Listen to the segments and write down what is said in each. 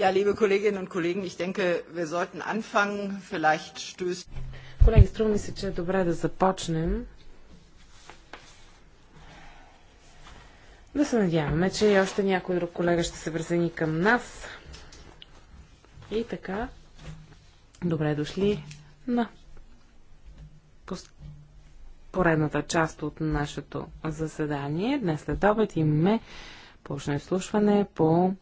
Ja, liebe Kolleginnen und Kollegen, ich denke, wir sollten anfangen. Vielleicht stößt. Колеги, струва ми се, че е добре да започнем. Да се надяваме, че и още някой друг колега ще се връзени към нас. И така, добре дошли на поредната част от нашето заседание. Днес след обед имаме почне изслушване по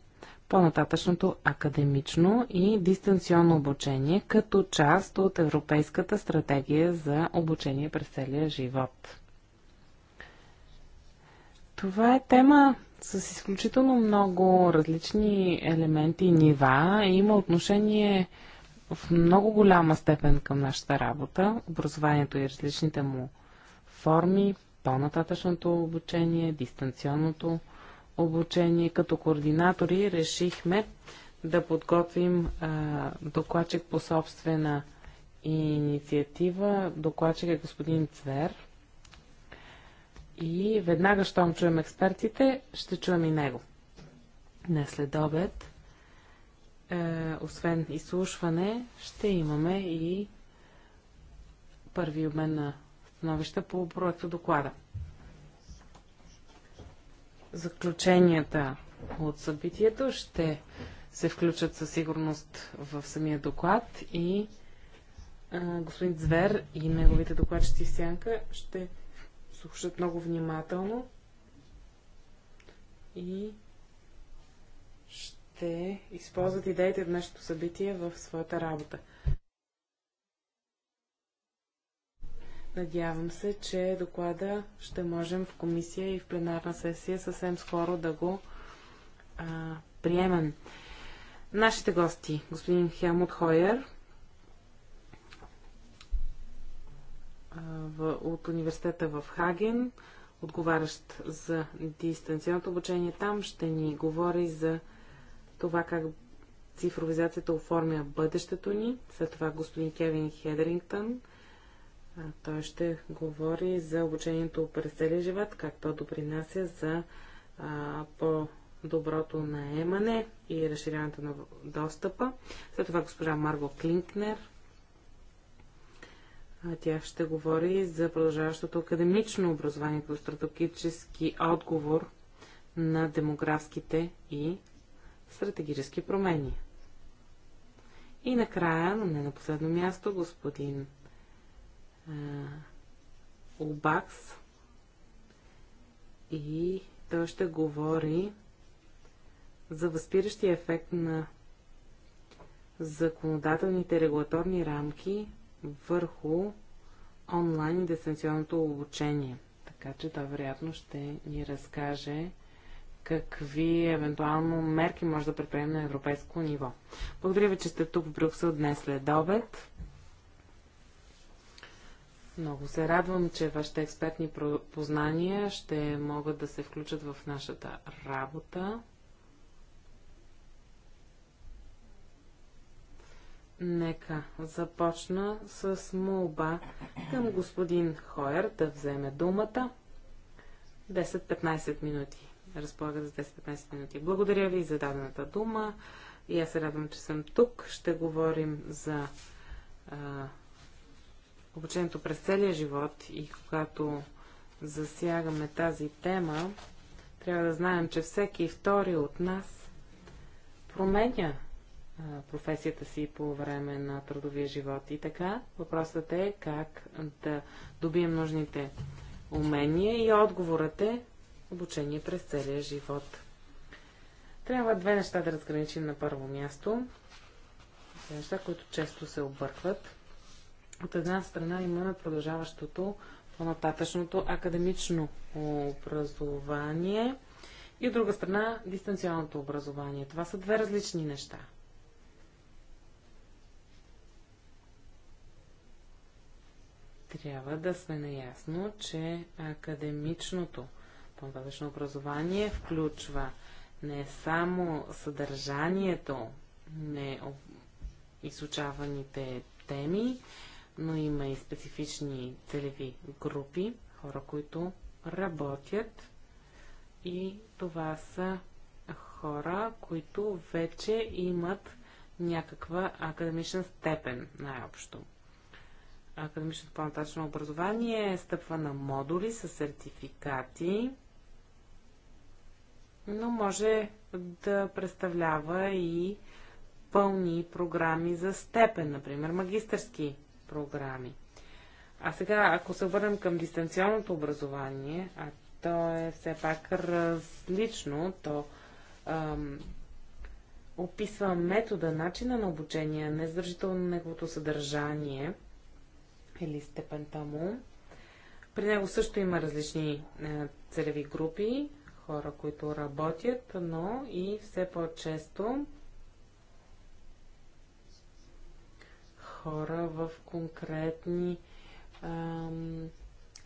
по-нататъчното академично и дистанционно обучение като част от Европейската стратегия за обучение през целия живот. Това е тема с изключително много различни елементи и нива. и Има отношение в много голяма степен към нашата работа, образованието и различните му форми, по-нататъчното обучение, дистанционното обучение обучение като координатори решихме да подготвим а, докладчик по собствена инициатива. Докладчик е господин Цвер. И веднага, щом чуем експертите, ще чуем и него. Не след обед, е, освен изслушване, ще имаме и първи обмен на становища по проекта доклада. Заключенията от събитието ще се включат със сигурност в самия доклад и а, господин Звер и неговите докладчици Сянка ще слушат много внимателно и ще използват идеите в нашето събитие в своята работа. Надявам се, че доклада ще можем в комисия и в пленарна сесия съвсем скоро да го а, приемем. Нашите гости, господин Хелмут Хойер от университета в Хаген, отговарящ за дистанционното обучение там, ще ни говори за това как цифровизацията оформя бъдещето ни. След това господин Кевин Хедрингтън – той ще говори за обучението през целия живот, как то допринася за по-доброто наемане и разширяването на достъпа. След това госпожа Марго Клинкнер. Тя ще говори за продължаващото академично образование като стратегически отговор на демографските и стратегически промени. И накрая, но не на последно място, господин Обакс и той ще говори за възпиращия ефект на законодателните регулаторни рамки върху онлайн дистанционното обучение. Така че той вероятно ще ни разкаже какви евентуално мерки може да предприемем на европейско ниво. Благодаря ви, че сте тук в Брюксел днес след обед. Много се радвам, че вашите експертни познания ще могат да се включат в нашата работа. Нека започна с молба към господин Хойер да вземе думата. 10-15 минути. Разполага за 10-15 минути. Благодаря ви за дадената дума и аз се радвам, че съм тук. Ще говорим за а, обучението през целия живот и когато засягаме тази тема, трябва да знаем, че всеки втори от нас променя професията си по време на трудовия живот. И така, въпросът е как да добием нужните умения и отговорът е обучение през целия живот. Трябва две неща да разграничим на първо място. Две неща, които често се объркват – от една страна имаме продължаващото по-нататъчното академично образование и от друга страна дистанционното образование. Това са две различни неща. Трябва да сме наясно, че академичното по-нататъчно образование включва не само съдържанието, не изучаваните теми, но има и специфични целеви групи, хора, които работят и това са хора, които вече имат някаква академична степен най-общо. Академичното по-нататъчно образование стъпва на модули с сертификати, но може да представлява и пълни програми за степен, например магистърски програми. А сега, ако се върнем към дистанционното образование, а то е все пак различно, то ам, описва метода, начина на обучение, не задължително неговото съдържание или степента му. При него също има различни е, целеви групи, хора, които работят, но и все по-често хора в конкретни ам,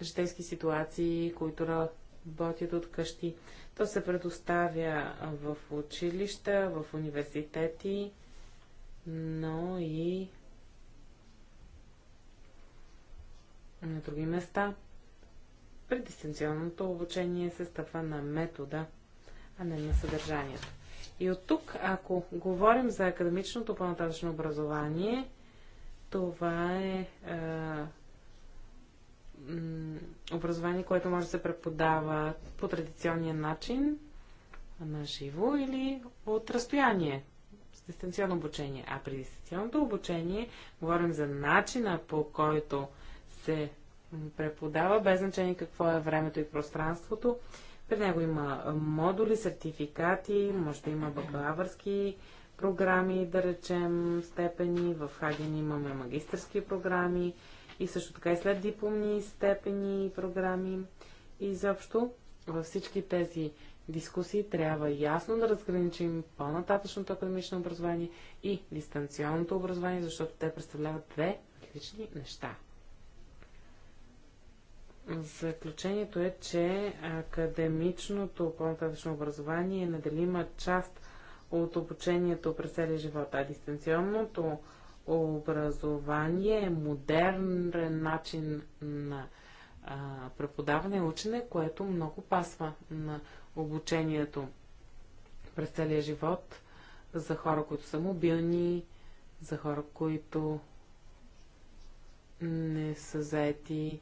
житейски ситуации, които работят от къщи. То се предоставя в училища, в университети, но и на други места. При дистанционното обучение се стъпва на метода, а не на съдържанието. И от тук, ако говорим за академичното по образование, това е образование, което може да се преподава по традиционния начин, на живо или от разстояние, с дистанционно обучение. А при дистанционното обучение говорим за начина по който се преподава, без значение какво е времето и пространството. При него има модули, сертификати, може да има бакалавърски програми, да речем, степени. В Хаген имаме магистърски програми и също така и след дипломни степени и програми. И изобщо във всички тези дискусии трябва ясно да разграничим по-нататъчното академично образование и дистанционното образование, защото те представляват две различни неща. Заключението е, че академичното по-нататъчно образование е неделима част от обучението през целия живот, а дистанционното образование е модерен начин на а, преподаване и учене, което много пасва на обучението през целия живот за хора, които са мобилни, за хора, които не са заети.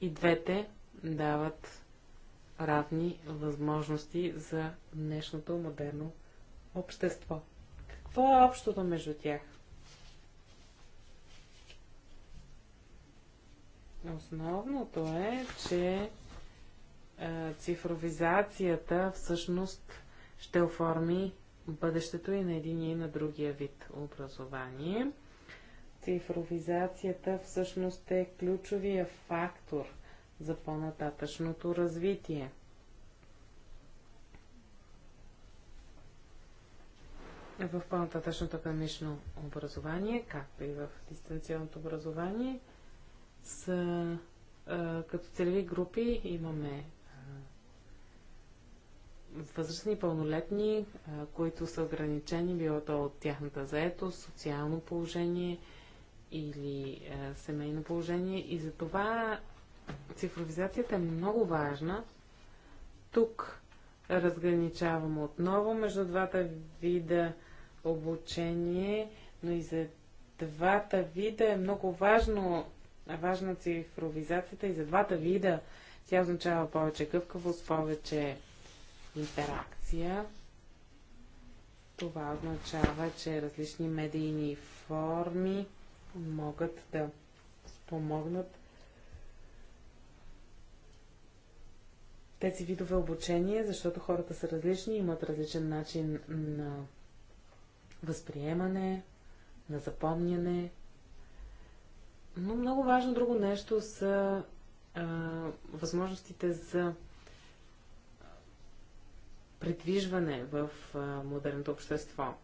И двете дават равни възможности за днешното модерно общество. Какво е общото между тях? Основното е, че е, цифровизацията всъщност ще оформи бъдещето и на един и на другия вид образование. Цифровизацията всъщност е ключовия фактор за по-нататъчното развитие – в по-нататъчното академично образование, както и в дистанционното образование, са а, като целеви групи имаме а, възрастни пълнолетни, а, които са ограничени, било то от тяхната заетост, социално положение или а, семейно положение. И затова цифровизацията е много важна. Тук разграничавам отново между двата вида обучение, но и за двата вида е много важно, важна цифровизацията и за двата вида. Тя означава повече гъвкавост, повече интеракция. Това означава, че различни медийни форми могат да спомогнат тези видове обучение, защото хората са различни, имат различен начин на възприемане, на запомняне. Но много важно друго нещо са а, възможностите за предвижване в а, модерното общество.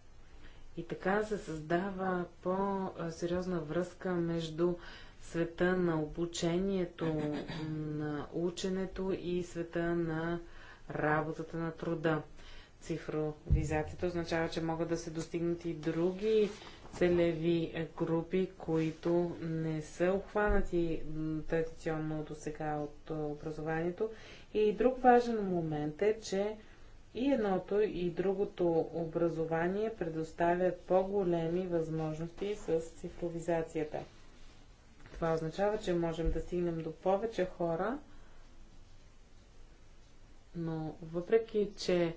И така се създава по-сериозна връзка между света на обучението, на ученето и света на работата на труда цифровизацията означава, че могат да се достигнат и други целеви е, групи, които не са обхванати традиционно до сега от е, образованието. И друг важен момент е, че и едното и другото образование предоставят по-големи възможности с цифровизацията. Това означава, че можем да стигнем до повече хора, но въпреки, че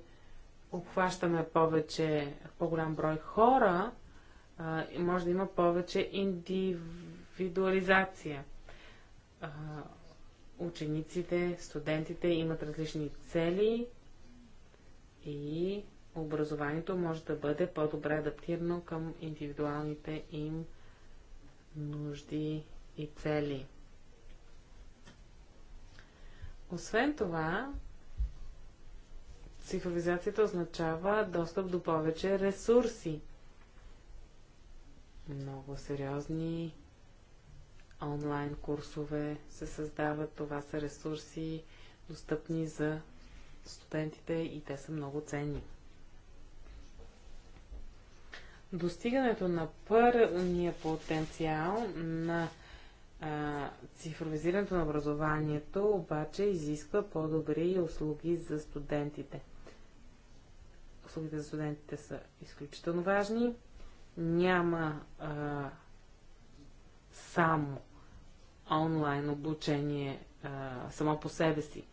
обхващаме повече, по-голям брой хора, може да има повече индивидуализация. учениците, студентите имат различни цели и образованието може да бъде по-добре адаптирано към индивидуалните им нужди и цели. Освен това, цифровизацията означава достъп до повече ресурси. Много сериозни онлайн курсове се създават. Това са ресурси, достъпни за студентите и те са много ценни. Достигането на първния потенциал на а, цифровизирането на образованието обаче изисква по-добри услуги за студентите услугите за студентите са изключително важни. Няма а, само онлайн обучение а, само по себе си.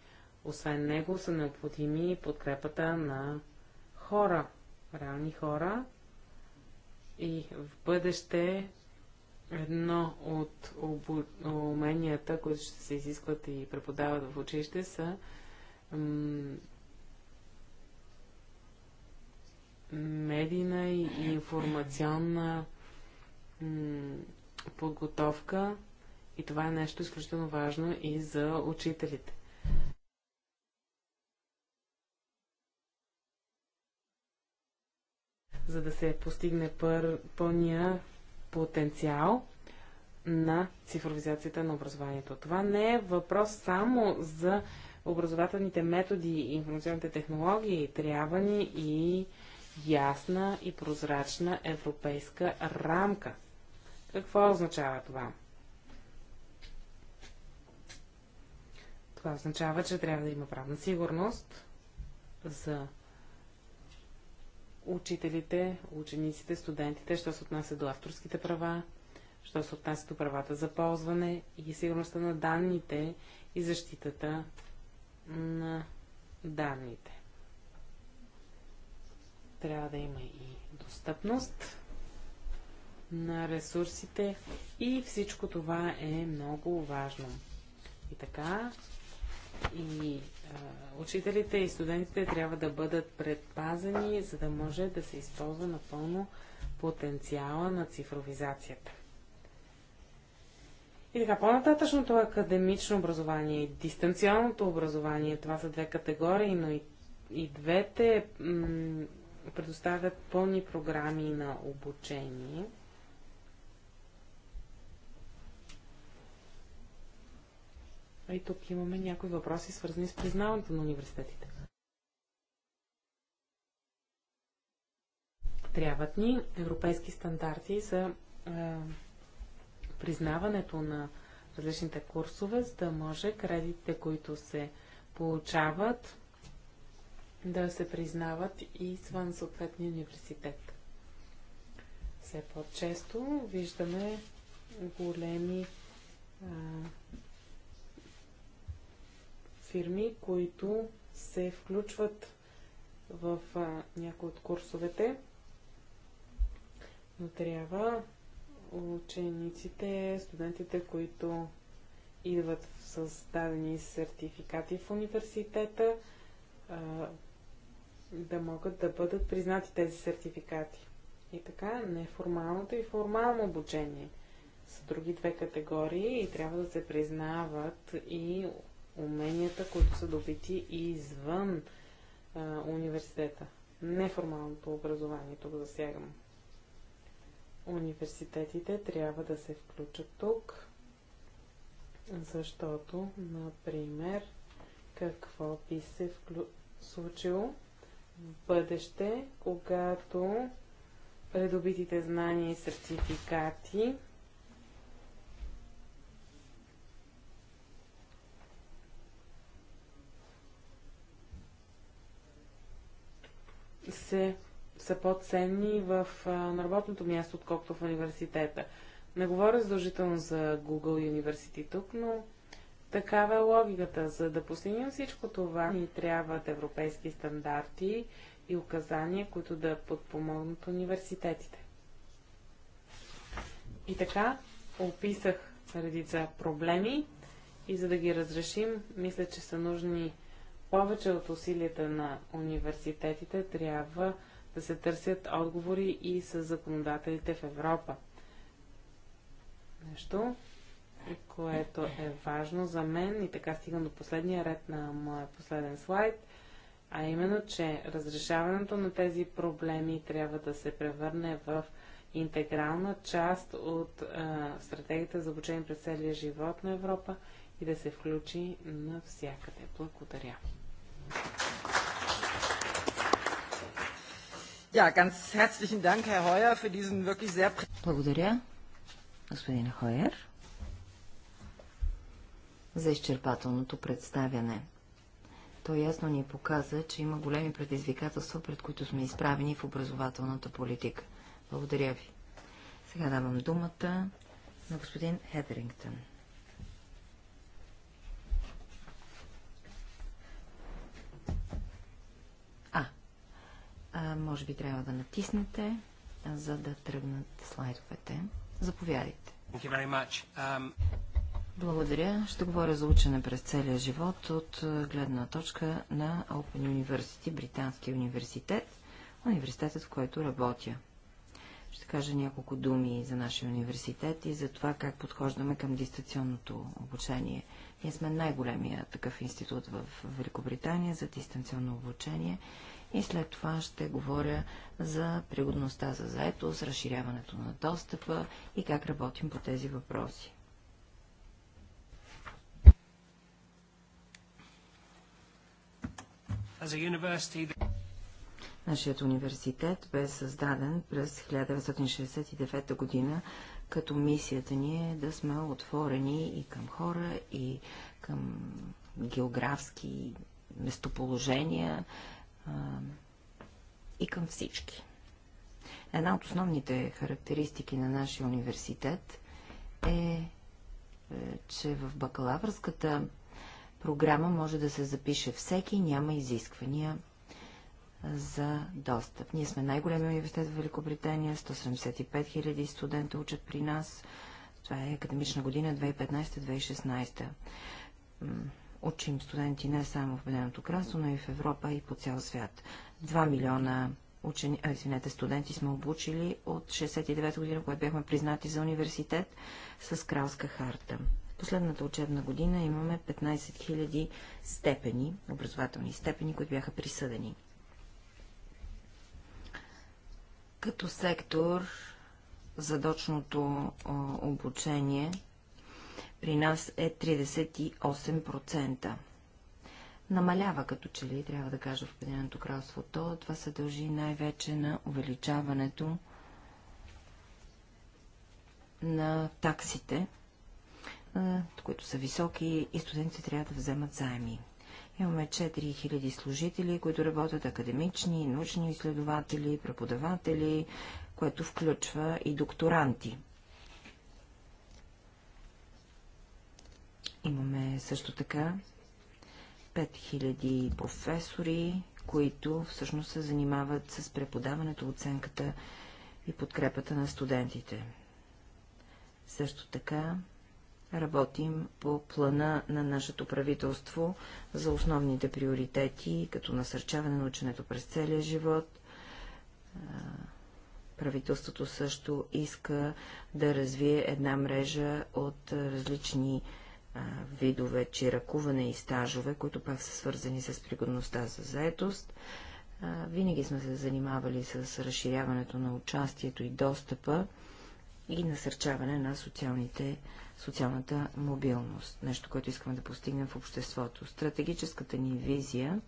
Освен него са необходими подкрепата на хора, реални хора. И в бъдеще едно от обу... уменията, които ще се изискват и преподават в училище, са медийна и информационна подготовка и това е нещо изключително важно и за учителите. За да се постигне пър, пълния потенциал на цифровизацията на образованието. Това не е въпрос само за образователните методи и информационните технологии. Трябва ни и ясна и прозрачна европейска рамка. Какво означава това? Това означава, че трябва да има правна сигурност за учителите, учениците, студентите, що се отнася до авторските права, що се отнася до правата за ползване и сигурността на данните и защитата на данните. Трябва да има и достъпност на ресурсите и всичко това е много важно. И така, и а, учителите и студентите трябва да бъдат предпазени, за да може да се използва напълно потенциала на цифровизацията. И така, по-нататъчното е академично образование и дистанционното образование, това са две категории, но и, и двете предоставят пълни програми на обучение. И тук имаме някои въпроси, свързани с признаването на университетите. Трябват ни европейски стандарти за е, признаването на различните курсове, за да може кредитите, които се получават, да се признават и извън съответния университет. Все по-често виждаме големи а, фирми, които се включват в а, някои от курсовете, но трябва учениците, студентите, които идват с дадени сертификати в университета, да могат да бъдат признати тези сертификати. И така, неформалното и формално обучение са други две категории и трябва да се признават и уменията, които са добити извън а, университета. Неформалното образование тук засягам. Университетите трябва да се включат тук, защото, например, какво би се вклю... случило, бъдеще, когато придобитите знания и сертификати се, са по-ценни в, на работното място, отколкото в университета. Не говоря задължително за Google и тук, но Такава е логиката. За да постигнем всичко това, ни трябват европейски стандарти и указания, които да подпомогнат университетите. И така, описах редица проблеми и за да ги разрешим, мисля, че са нужни повече от усилията на университетите, трябва да се търсят отговори и с законодателите в Европа. Нещо, което е важно за мен и така стигам до последния ред на моя последен слайд, а именно, че разрешаването на тези проблеми трябва да се превърне в интегрална част от а, стратегията за обучение през целия живот на Европа и да се включи навсякъде. Благодаря. Ja, ganz herzlichen Dank, Herr Heuer, für diesen wirklich sehr... Благодаря, господин Хойер за изчерпателното представяне. Той ясно ни показа, че има големи предизвикателства, пред които сме изправени в образователната политика. Благодаря ви. Сега давам думата на господин Хедрингтън. А, а, може би трябва да натиснете, за да тръгнат слайдовете. Заповядайте. Um... Благодаря. Ще говоря за учене през целия живот от гледна точка на Open University, Британския университет, университетът, в който работя. Ще кажа няколко думи за нашия университет и за това как подхождаме към дистанционното обучение. Ние сме най-големия такъв институт в Великобритания за дистанционно обучение и след това ще говоря за пригодността за с разширяването на достъпа и как работим по тези въпроси. Нашият университет бе създаден през 1969 година, като мисията ни е да сме отворени и към хора, и към географски местоположения, и към всички. Една от основните характеристики на нашия университет е, е че в бакалавърската програма може да се запише всеки, няма изисквания за достъп. Ние сме най-големия университет в Великобритания, 175 000 студента учат при нас. Това е академична година 2015-2016. Учим студенти не само в Беденото кралство, но и в Европа и по цял свят. 2 милиона учени, а, извинете, студенти сме обучили от 69 година, когато бяхме признати за университет с кралска харта. Последната учебна година имаме 15 000 степени, образователни степени, които бяха присъдени. Като сектор за дочното обучение при нас е 38%. Намалява като че ли, трябва да кажа в Обединеното кралство. То, това се дължи най-вече на увеличаването на таксите които са високи и студентите трябва да вземат заеми. Имаме 4000 служители, които работят академични, научни изследователи, преподаватели, което включва и докторанти. Имаме също така 5000 професори, които всъщност се занимават с преподаването, оценката и подкрепата на студентите. Също така работим по плана на нашето правителство за основните приоритети, като насърчаване на ученето през целия живот. Правителството също иска да развие една мрежа от различни видове чиракуване и стажове, които пак са свързани с пригодността за заетост. Винаги сме се занимавали с разширяването на участието и достъпа и насърчаване на социалните социалната мобилност. Нещо, което искаме да постигнем в обществото. Стратегическата ни визия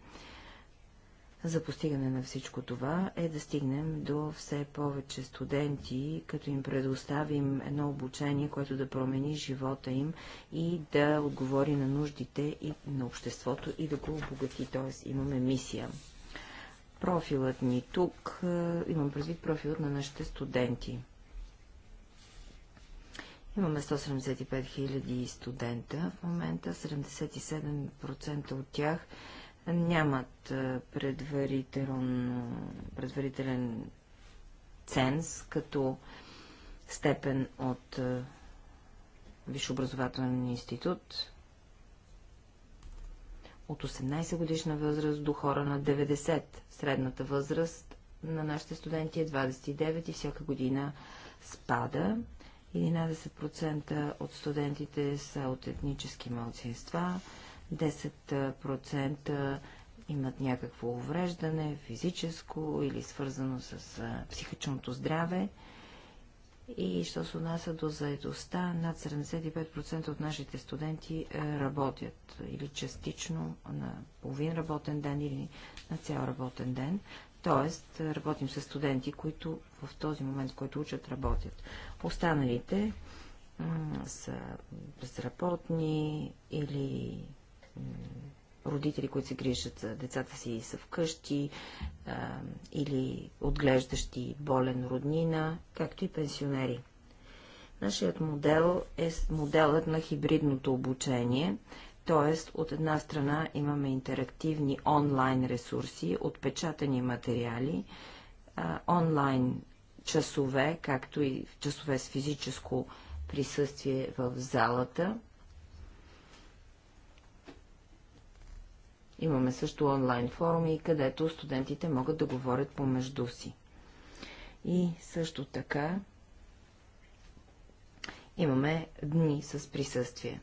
за постигане на всичко това е да стигнем до все повече студенти, като им предоставим едно обучение, което да промени живота им и да отговори на нуждите и на обществото и да го обогати. Т.е. имаме мисия. Профилът ни тук, е, имам предвид профилът на нашите студенти. Имаме 175 000 студента в момента, 77% от тях нямат е, предварителен ценз като степен от е, Висшеобразователен институт. От 18 годишна възраст до хора на 90. Средната възраст на нашите студенти е 29 и всяка година спада. 11% от студентите са от етнически малцинства, 10% имат някакво увреждане, физическо или свързано с психичното здраве. И що се отнася до заедостта, над 75% от нашите студенти е, работят или частично на половин работен ден или на цял работен ден. Тоест, работим с студенти, които в този момент, в който учат, работят. Останалите са безработни или родители, които се грижат за децата си и са вкъщи или отглеждащи болен роднина, както и пенсионери. Нашият модел е моделът на хибридното обучение, т.е. от една страна имаме интерактивни онлайн ресурси, отпечатани материали, онлайн часове, както и часове с физическо присъствие в залата. Имаме също онлайн форуми, където студентите могат да говорят помежду си. И също така имаме дни с присъствие.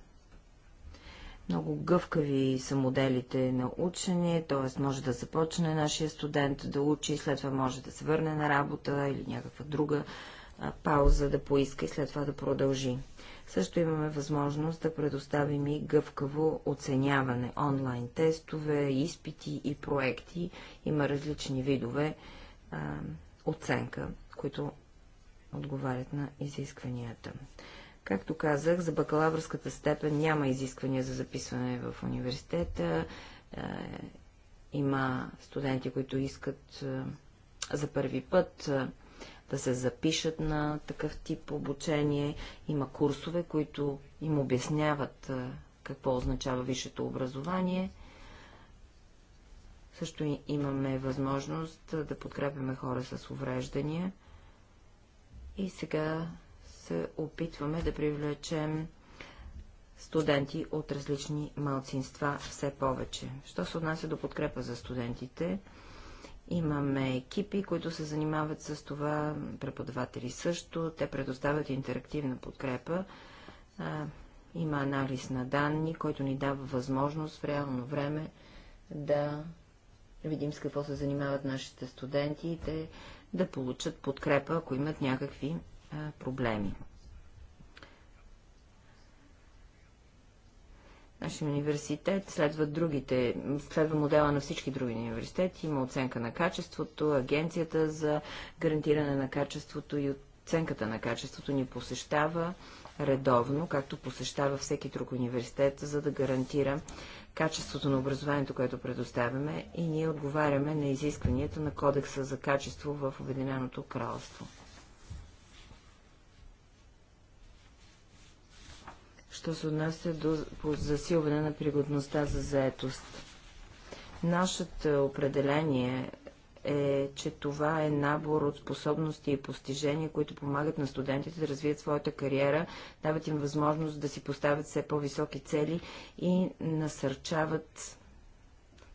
Много гъвкави са моделите на учене, т.е. може да започне нашия студент да учи, след това може да се върне на работа или някаква друга а, пауза да поиска и след това да продължи. Също имаме възможност да предоставим и гъвкаво оценяване, онлайн тестове, изпити и проекти. Има различни видове а, оценка, които отговарят на изискванията. Както казах, за бакалавърската степен няма изисквания за записване в университета. Е, има студенти, които искат е, за първи път е, да се запишат на такъв тип обучение. Има курсове, които им обясняват какво означава висшето образование. Също имаме възможност да подкрепяме хора с увреждания. И сега се опитваме да привлечем студенти от различни малцинства все повече. Що се отнася до подкрепа за студентите? Имаме екипи, които се занимават с това, преподаватели също. Те предоставят интерактивна подкрепа. има анализ на данни, който ни дава възможност в реално време да видим с какво се занимават нашите студенти и те да получат подкрепа, ако имат някакви проблеми. Нашия университет следва другите, следва модела на всички други университети. Има оценка на качеството, агенцията за гарантиране на качеството и оценката на качеството ни посещава редовно, както посещава всеки друг университет, за да гарантира качеството на образованието, което предоставяме и ние отговаряме на изискванията на Кодекса за качество в Обединеното кралство. що се отнася до засилване на пригодността за заетост. Нашето определение е, че това е набор от способности и постижения, които помагат на студентите да развият своята кариера, дават им възможност да си поставят все по-високи цели и насърчават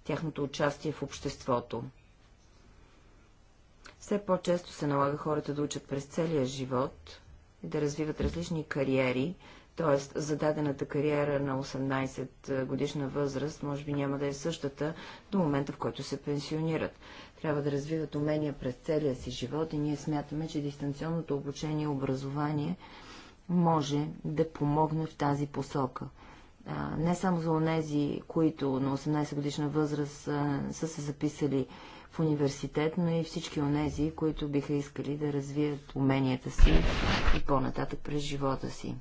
тяхното участие в обществото. Все по-често се налага хората да учат през целия живот и да развиват различни кариери, Тоест, зададената кариера на 18 е, годишна възраст може би няма да е същата до момента, в който се пенсионират. Трябва да развиват умения през целия си живот и ние смятаме, че дистанционното обучение и образование може да помогне в тази посока. не само за онези, които на 18 годишна възраст са се записали в университет, но и всички онези, които биха искали да развият уменията си и по-нататък през живота си.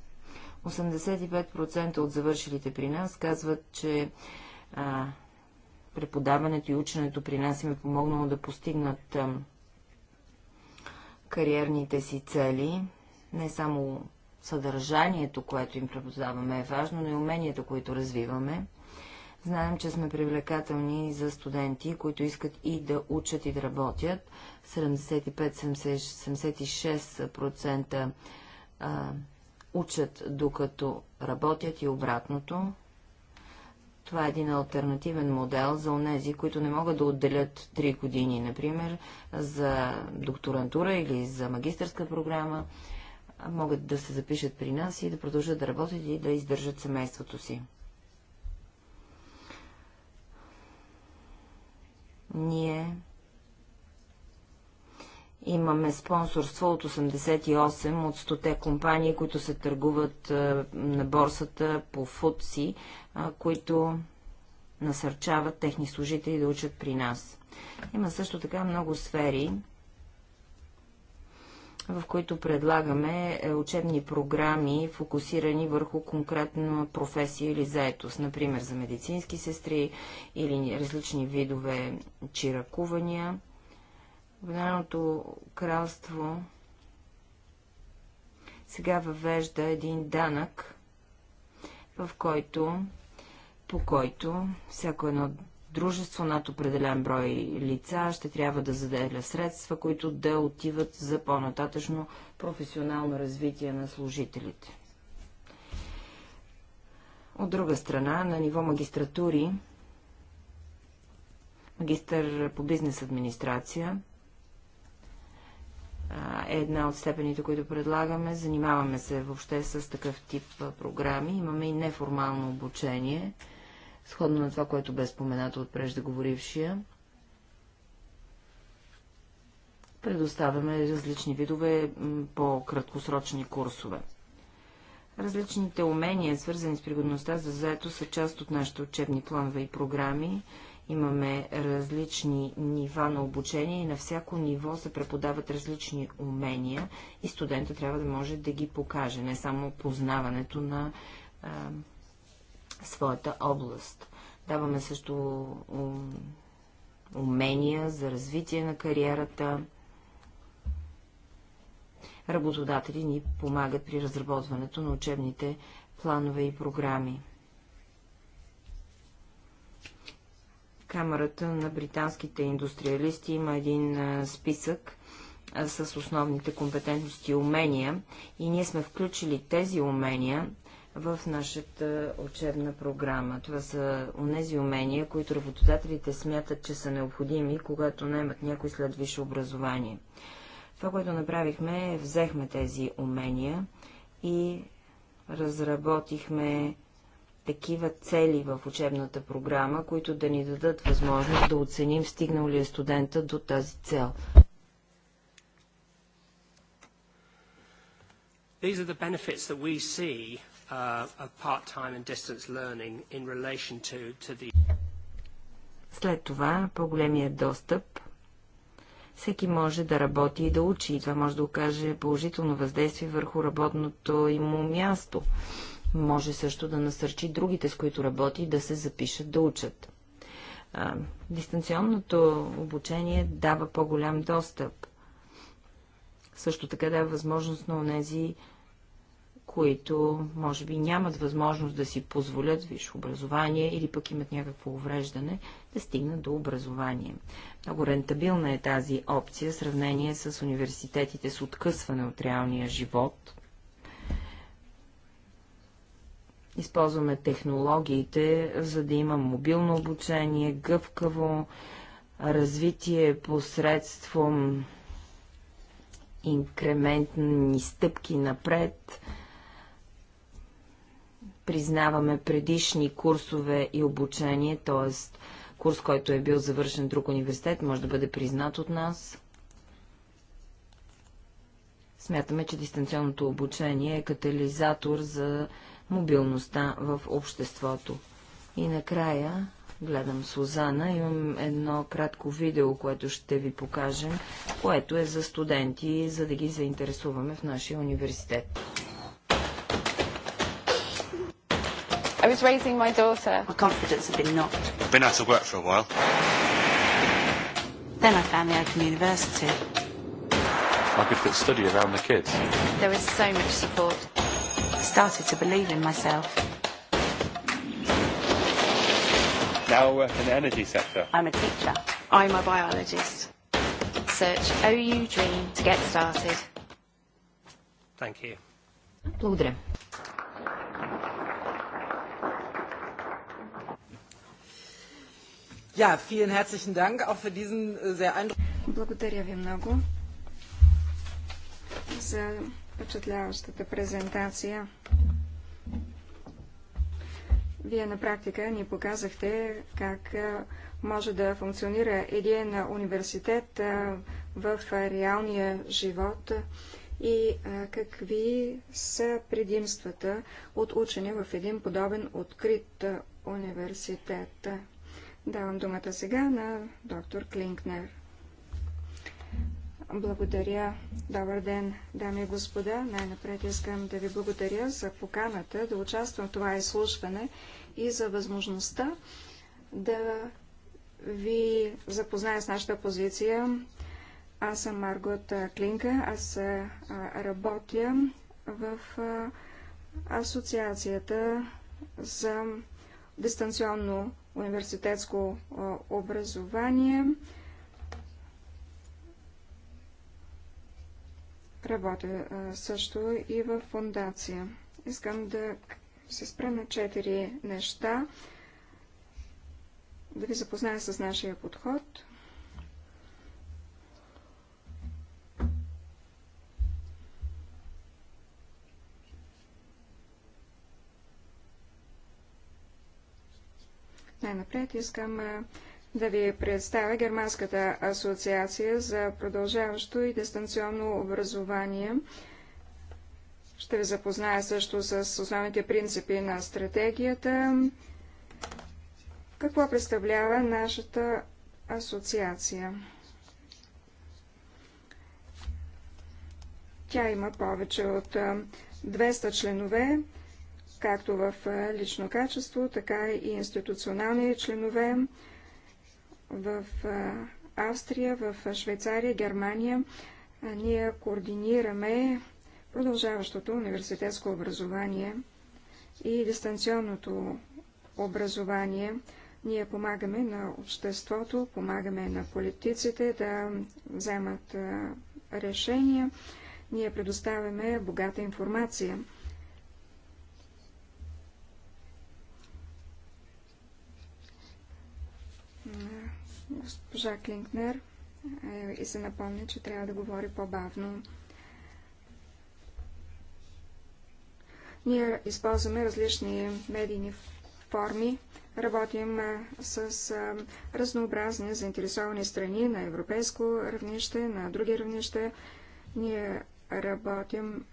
85% от завършилите при нас казват, че а, преподаването и ученето при нас им е помогнало да постигнат а, кариерните си цели, не само съдържанието, което им преподаваме е важно, но и уменията, които развиваме. Знаем, че сме привлекателни за студенти, които искат и да учат и да работят. 75-76% учат докато работят и обратното. Това е един альтернативен модел за онези, които не могат да отделят 3 години, например, за докторантура или за магистърска програма, могат да се запишат при нас и да продължат да работят и да издържат семейството си. Ние Имаме спонсорство от 88 от 100 компании, които се търгуват е, на борсата по футси, е, които насърчават техни служители да учат при нас. Има също така много сфери, в които предлагаме е, учебни програми, фокусирани върху конкретна професия или заетост, например за медицински сестри или различни видове чиракувания Обединеното кралство сега въвежда един данък, в който, по който всяко едно дружество над определен брой лица ще трябва да заделя средства, които да отиват за по-нататъчно професионално развитие на служителите. От друга страна, на ниво магистратури, магистър по бизнес администрация, е една от степените, които предлагаме. Занимаваме се въобще с такъв тип програми. Имаме и неформално обучение, сходно на това, което бе споменато от преждеговорившия. Предоставяме различни видове по-краткосрочни курсове. Различните умения, свързани с пригодността за заето, са част от нашите учебни планове и програми Имаме различни нива на обучение и на всяко ниво се преподават различни умения и студента трябва да може да ги покаже, не само познаването на а, своята област. Даваме също умения за развитие на кариерата. Работодатели ни помагат при разработването на учебните планове и програми. Камерата на британските индустриалисти има един списък с основните компетентности и умения и ние сме включили тези умения в нашата учебна програма. Това са онези умения, които работодателите смятат, че са необходими, когато наймат някой след висше образование. Това, което направихме, е взехме тези умения и разработихме такива цели в учебната програма, които да ни дадат възможност да оценим стигнал ли е студента до тази цел. These are the benefits that we see uh, of part-time and distance learning in relation to, to the... След това по-големия достъп всеки може да работи и да учи. И това може да окаже положително въздействие върху работното му място. Uh, може също да насърчи другите, с които работи, да се запишат да учат. Дистанционното обучение дава по-голям достъп. Също така дава възможност на онези, които може би нямат възможност да си позволят висше образование или пък имат някакво увреждане, да стигнат до образование. Много рентабилна е тази опция в сравнение с университетите с откъсване от реалния живот. използваме технологиите, за да има мобилно обучение, гъвкаво развитие посредством инкрементни стъпки напред. Признаваме предишни курсове и обучение, т.е. курс, който е бил завършен друг университет, може да бъде признат от нас. Смятаме, че дистанционното обучение е катализатор за мобилността в обществото. И накрая гледам Сузана, имам едно кратко видео, което ще ви покажем, което е за студенти, за да ги заинтересуваме в нашия университет. I was raising my daughter. My confidence had been knocked. I've been out of work for a while. Then I found the Open University. I could fit study around the kids. There was so much support started to believe in myself. Now I work in the energy sector. I'm a teacher. I'm a biologist. Search OU Dream to get started. Thank you. Благодаря. Ja, vielen herzlichen Dank auch für diesen sehr eindrucksvollen. Благодаря ви много за впечатляващата презентация. Вие на практика ни показахте как може да функционира един университет в реалния живот и какви са предимствата от учене в един подобен открит университет. Давам думата сега на доктор Клинкнер. Благодаря. Добър ден, дами и господа. Най-напред искам да ви благодаря за поканата да участвам в това изслушване и за възможността да ви запозная с нашата позиция. Аз съм Маргот Клинка. Аз работя в Асоциацията за дистанционно университетско образование. Работя също и в фундация. Искам да се спра на четири неща, да ви запозная с нашия подход. Най-напред искам да ви представя Германската асоциация за продължаващо и дистанционно образование. Ще ви запозная също с основните принципи на стратегията. Какво представлява нашата асоциация? Тя има повече от 200 членове, както в лично качество, така и институционални членове в Австрия, в Швейцария, Германия. Ние координираме продължаващото университетско образование и дистанционното образование. Ние помагаме на обществото, помагаме на политиците да вземат решения. Ние предоставяме богата информация госпожа Клинкнер е, и се напомня, че трябва да говори по-бавно. Ние използваме различни медийни форми, работим с разнообразни заинтересовани страни на европейско равнище, на други равнище. Ние работим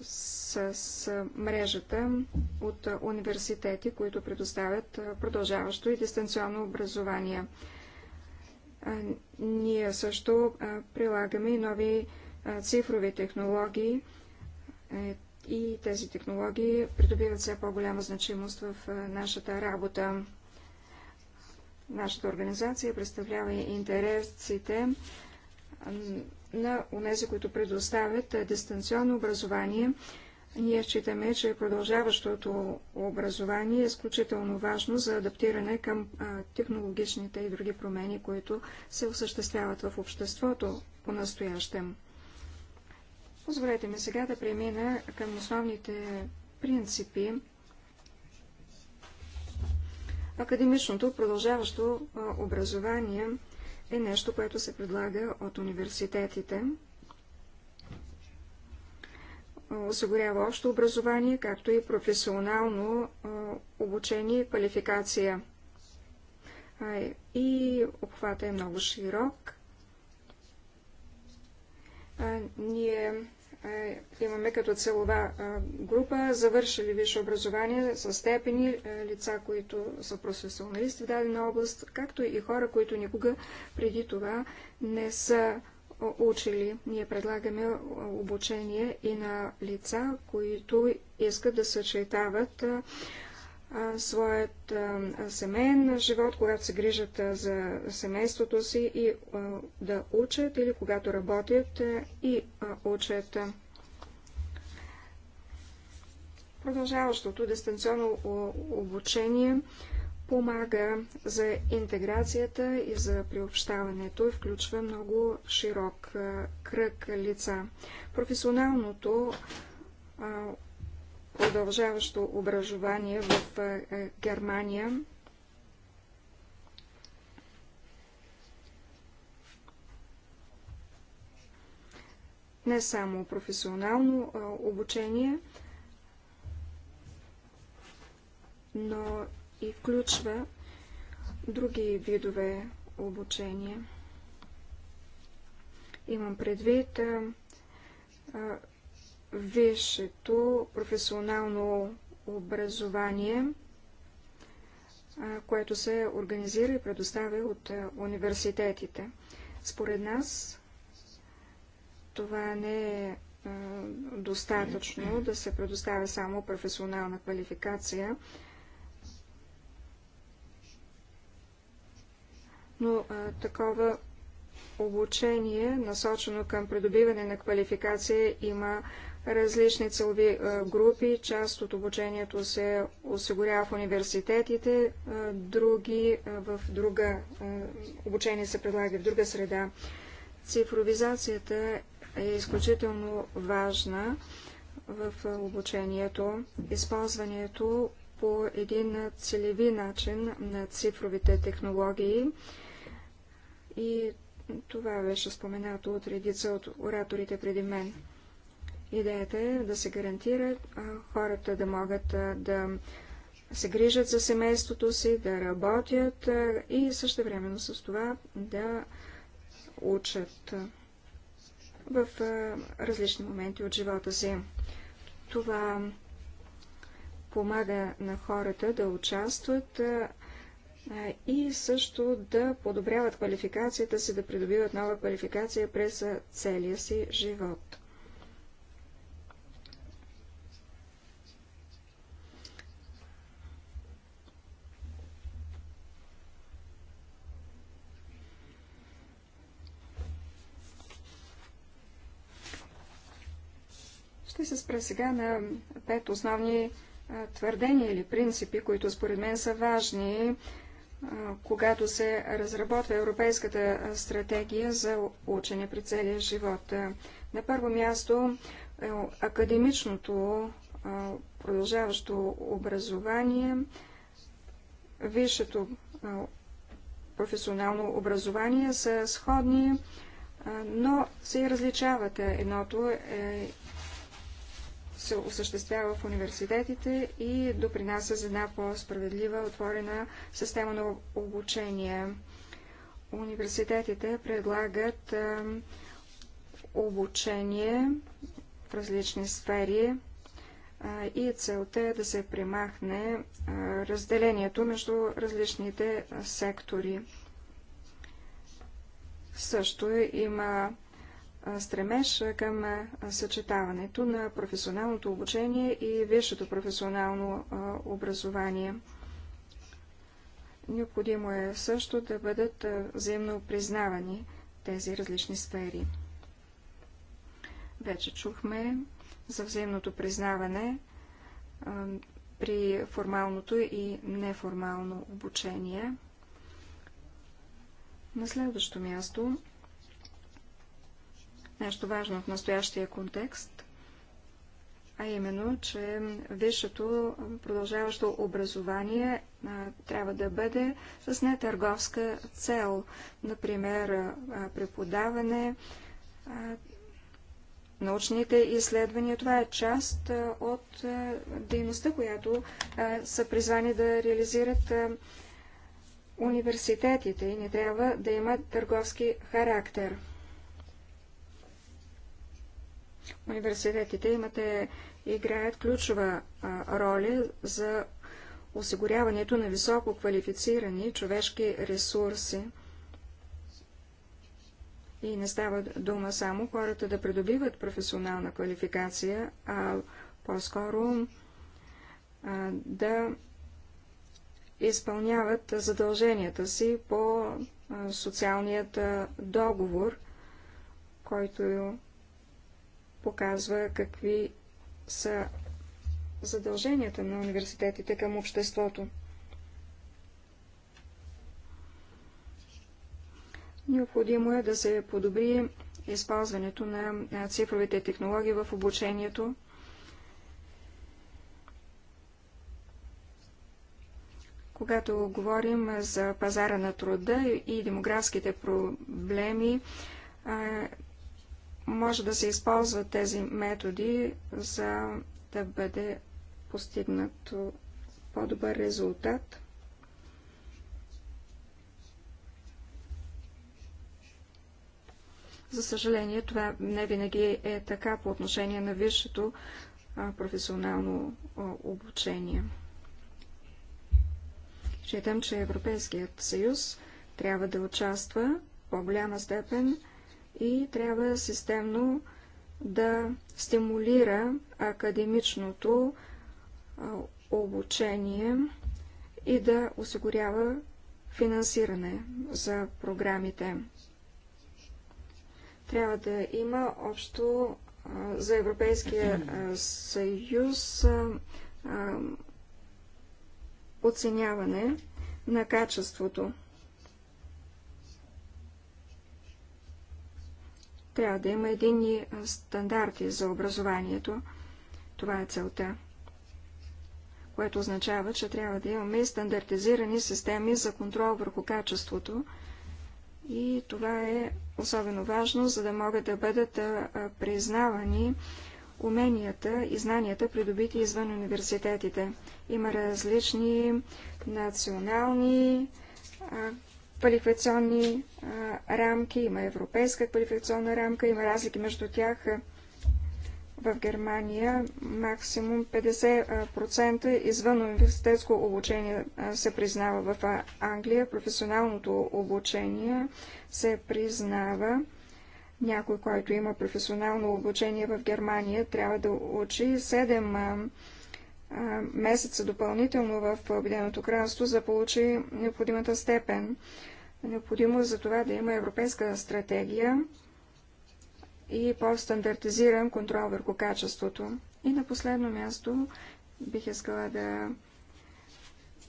с мрежата от университети, които предоставят продължаващо и дистанционно образование. Ние също прилагаме и нови цифрови технологии е, и тези технологии придобиват все по-голяма значимост в нашата работа. Нашата организация представлява интересите на унези, които предоставят дистанционно образование ние считаме, че продължаващото образование е изключително важно за адаптиране към технологичните и други промени, които се осъществяват в обществото по-настоящем. Позволете ми сега да премина към основните принципи Академичното продължаващо образование е нещо, което се предлага от университетите осигурява общо образование, както и професионално обучение и квалификация. И обхвата е много широк. Ние имаме като целова група завършили висше образование с степени, лица, които са професионалисти в дадена област, както и хора, които никога преди това не са учили. Ние предлагаме обучение и на лица, които искат да съчетават своят семейен живот, когато се грижат за семейството си и да учат или когато работят и учат. Продължаващото дистанционно обучение – помага за интеграцията и за приобщаването и включва много широк кръг лица. Професионалното продължаващо образование в е, Германия не само професионално обучение, но и включва други видове обучение. Имам предвид а, а, висшето професионално образование, а, което се организира и предоставя от а, университетите. Според нас това не е достатъчно да се предоставя само професионална квалификация. но а, такова обучение, насочено към придобиване на квалификация, има различни целови а, групи. Част от обучението се осигурява в университетите, а, други а, в друга обучение се предлага в друга среда. Цифровизацията е изключително важна в обучението, използването по един целеви начин на цифровите технологии и това беше споменато от редица от ораторите преди мен. Идеята е да се гарантира хората да могат да се грижат за семейството си, да работят и също времено с това да учат в различни моменти от живота си. Това помага на хората да участват и също да подобряват квалификацията си, да придобиват нова квалификация през целия си живот. Ще се спра сега на пет основни твърдения или принципи, които според мен са важни когато се разработва Европейската стратегия за учене при целия живот. На първо място е, академичното продължаващо образование, висшето професионално образование са сходни, но се и различават. Едното е се осъществява в университетите и допринася за една по-справедлива, отворена система на обучение. Университетите предлагат обучение в различни сфери и целта е да се примахне разделението между различните сектори. Също има стремеж към съчетаването на професионалното обучение и висшето професионално образование. Необходимо е също да бъдат взаимно признавани тези различни сфери. Вече чухме за взаимното признаване при формалното и неформално обучение. На следващо място нещо важно в настоящия контекст, а именно, че висшето продължаващо образование а, трябва да бъде с нетърговска цел, например а, преподаване, а, научните изследвания. Това е част от дейността, която са призвани да реализират университетите и не трябва да имат търговски характер. Университетите имате, играят ключова а, роля за осигуряването на високо квалифицирани човешки ресурси. И не става дума само хората да придобиват професионална квалификация, а по-скоро да изпълняват задълженията си по социалният договор, който показва какви са задълженията на университетите към обществото. Необходимо е да се подобри използването на цифровите технологии в обучението. Когато говорим за пазара на труда и демографските проблеми, може да се използват тези методи, за да бъде постигнат по-добър резултат. За съжаление, това не винаги е така по отношение на висшето професионално обучение. Считам, че Европейският съюз трябва да участва по голяма степен и трябва системно да стимулира академичното обучение и да осигурява финансиране за програмите. Трябва да има общо за Европейския съюз оценяване на качеството. Трябва да има единни стандарти за образованието. Това е целта. Което означава, че трябва да имаме стандартизирани системи за контрол върху качеството. И това е особено важно, за да могат да бъдат признавани уменията и знанията, придобити извън университетите. Има различни национални квалификационни а, рамки, има европейска квалификационна рамка, има разлики между тях. В Германия максимум 50% извън университетско обучение се признава в Англия. Професионалното обучение се признава. Някой, който има професионално обучение в Германия, трябва да учи 7 месеца допълнително в Обединеното кралство, за да получи необходимата степен. Необходимо е за това да има европейска стратегия и по-стандартизиран контрол върху качеството. И на последно място бих искала да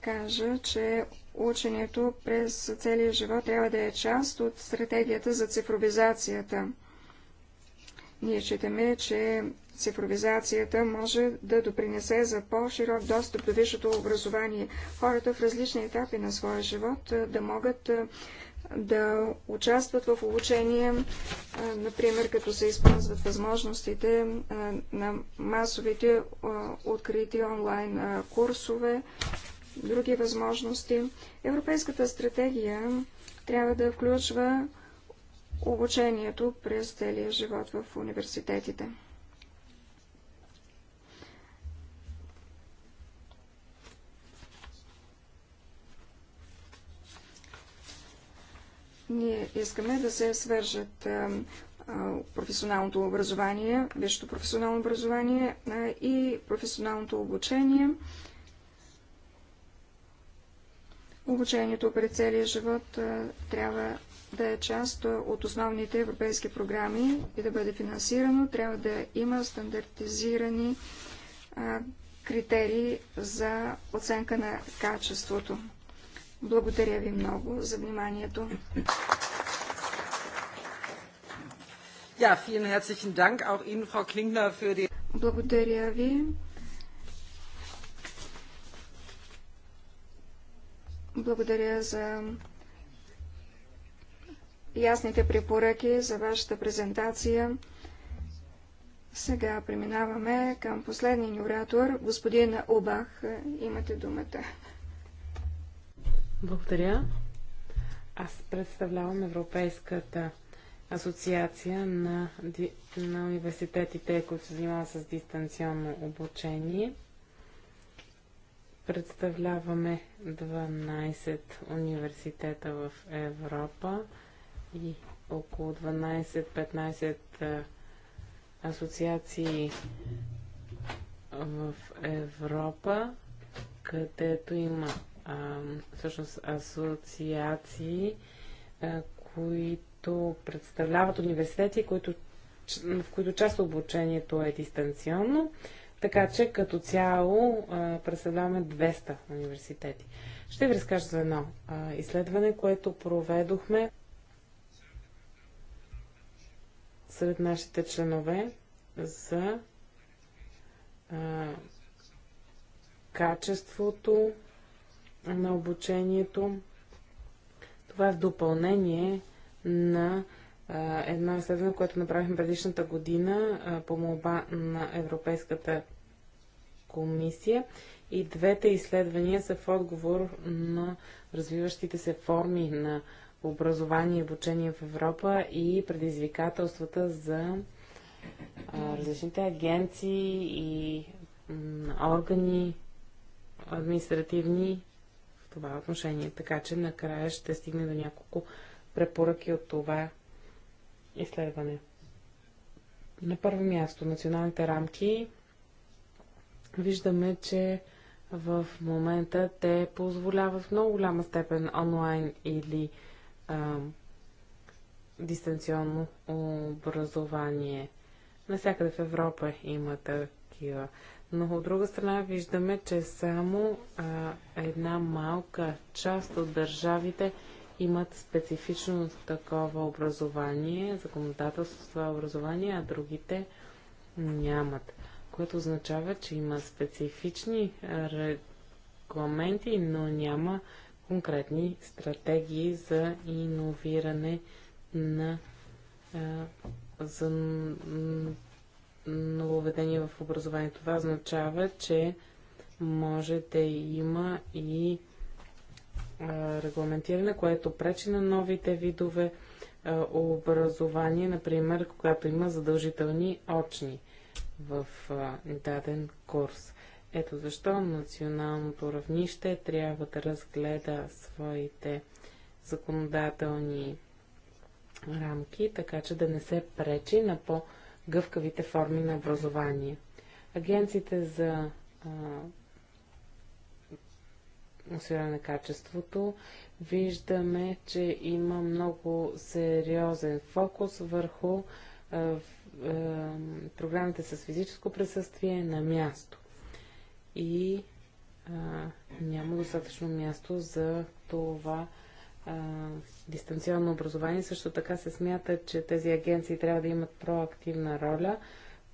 кажа, че ученето през целия живот трябва да е част от стратегията за цифровизацията. Ние считаме, че Цифровизацията може да допринесе за по-широк достъп до висшето образование. Хората в различни етапи на своя живот да могат да участват в обучение, например, като се използват възможностите на масовите открити онлайн курсове, други възможности. Европейската стратегия трябва да включва обучението през целия живот в университетите. Ние искаме да се свържат професионалното образование, висшето професионално образование и професионалното обучение. Обучението през целия живот трябва да е част от основните европейски програми и да бъде финансирано. Трябва да има стандартизирани критерии за оценка на качеството. Благодаря ви много за вниманието. Ja, vielen herzlichen Dank auch Ihnen, Frau für die... Благодаря ви. Благодаря за ясните препоръки за вашата презентация. Сега преминаваме към последния ни оратор, господин Обах. Имате думата. Благодаря. Аз представлявам Европейската асоциация на, на университетите, които се занимават с дистанционно обучение. Представляваме 12 университета в Европа и около 12-15 асоциации в Европа, където има всъщност асоциации, които представляват университети, които, в които част от обучението е дистанционно. Така че като цяло представляваме 200 университети. Ще ви разкажа за едно изследване, което проведохме сред нашите членове за качеството на обучението. Това е в допълнение на едно изследване, което направихме предишната година по молба на Европейската комисия. И двете изследвания са в отговор на развиващите се форми на образование и обучение в Европа и предизвикателствата за различните агенции и органи административни това отношение. Така че накрая ще стигне до няколко препоръки от това изследване. На първо място, националните рамки. Виждаме, че в момента те позволяват в много голяма степен онлайн или а, дистанционно образование. Насякъде в Европа има такива. Но от друга страна виждаме, че само а, една малка част от държавите имат специфично такова образование, законодателство с това образование, а другите нямат. Което означава, че има специфични регламенти, но няма конкретни стратегии за иновиране на а, за нововведение в образованието. Това означава, че може да има и регламентиране, което пречи на новите видове образование, например, когато има задължителни очни в даден курс. Ето защо националното равнище трябва да разгледа своите законодателни рамки, така че да не се пречи на по- гъвкавите форми на образование. Агенциите за осигуряване на качеството, виждаме, че има много сериозен фокус върху е, а, програмите с физическо присъствие на място. И а, няма достатъчно място за това дистанционно образование. Също така се смята, че тези агенции трябва да имат проактивна роля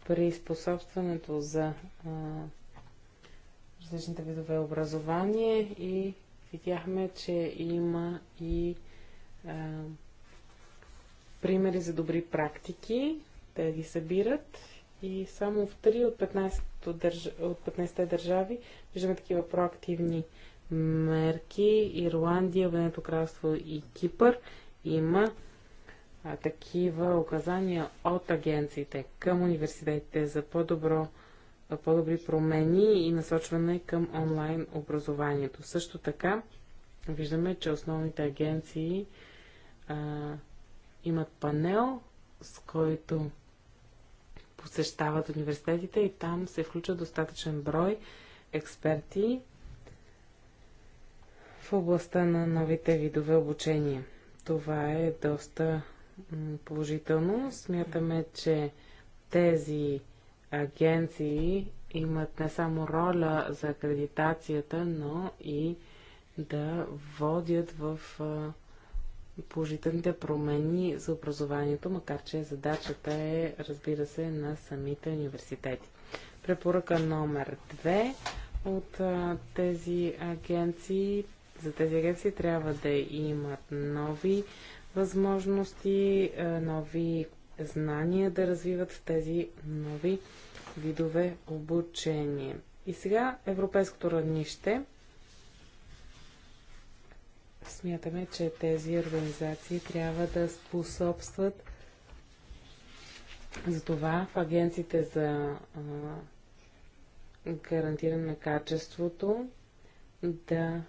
при способстването за а, различните видове образование и видяхме, че има и а, примери за добри практики. Те ги събират и само в 3 от 15-те държ... от 15 държави виждаме такива проактивни а, мерки Ирландия, Обединеното кралство и Кипър има а, такива указания от агенциите към университетите за по-добро по-добри промени и насочване към онлайн образованието. Също така виждаме, че основните агенции а, имат панел, с който посещават университетите и там се включат достатъчен брой експерти, в областта на новите видове обучение. Това е доста положително. Смятаме, че тези агенции имат не само роля за акредитацията, но и да водят в положителните промени за образованието, макар че задачата е, разбира се, на самите университети. Препоръка номер две от тези агенции за тези агенции трябва да имат нови възможности, е, нови знания да развиват в тези нови видове обучение. И сега европейското равнище. Смятаме, че тези организации трябва да способстват за това в агенциите за а, гарантиране на качеството да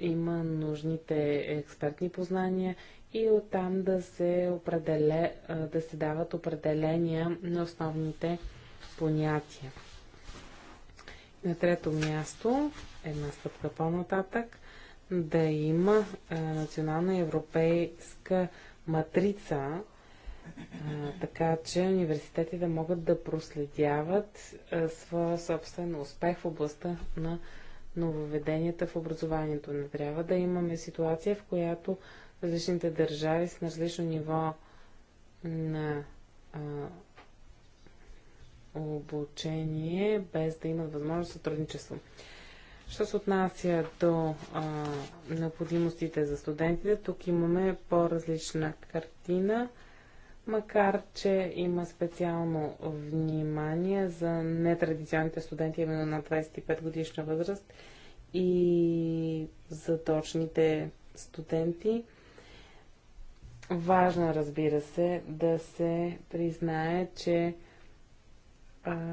има нужните експертни познания и оттам да се, определе, да се дават определения на основните понятия. На трето място, една стъпка по-нататък, да има национална европейска матрица, така че университетите могат да проследяват своя собствен успех в областта на нововведенията в образованието. Не трябва да имаме ситуация, в която различните държави с различно ниво на а, обучение, без да имат възможност сътрудничество. Що се отнася до а, необходимостите за студентите, тук имаме по-различна картина макар че има специално внимание за нетрадиционните студенти именно на 25 годишна възраст и за точните студенти. Важно, разбира се, да се признае, че а,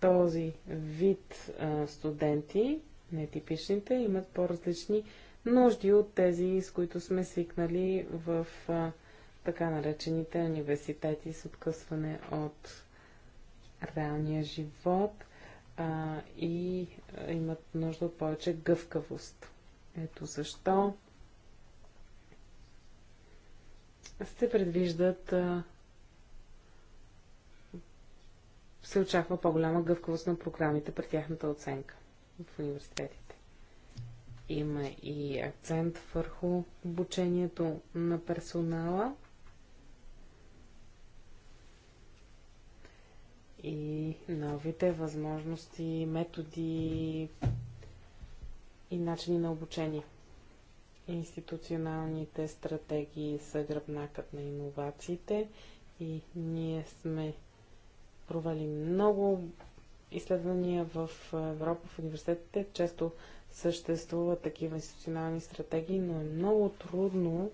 този вид а, студенти, нетипичните, имат по-различни нужди от тези, с които сме свикнали в а, така наречените университети с откъсване от реалния живот а, и имат нужда от повече гъвкавост. Ето защо се предвиждат а, се очаква по-голяма гъвкавост на програмите при тяхната оценка в университетите. Има и акцент върху обучението на персонала – и новите възможности, методи и начини на обучение. Институционалните стратегии са гръбнакът на иновациите и ние сме провели много изследвания в Европа, в университетите. Често съществуват такива институционални стратегии, но е много трудно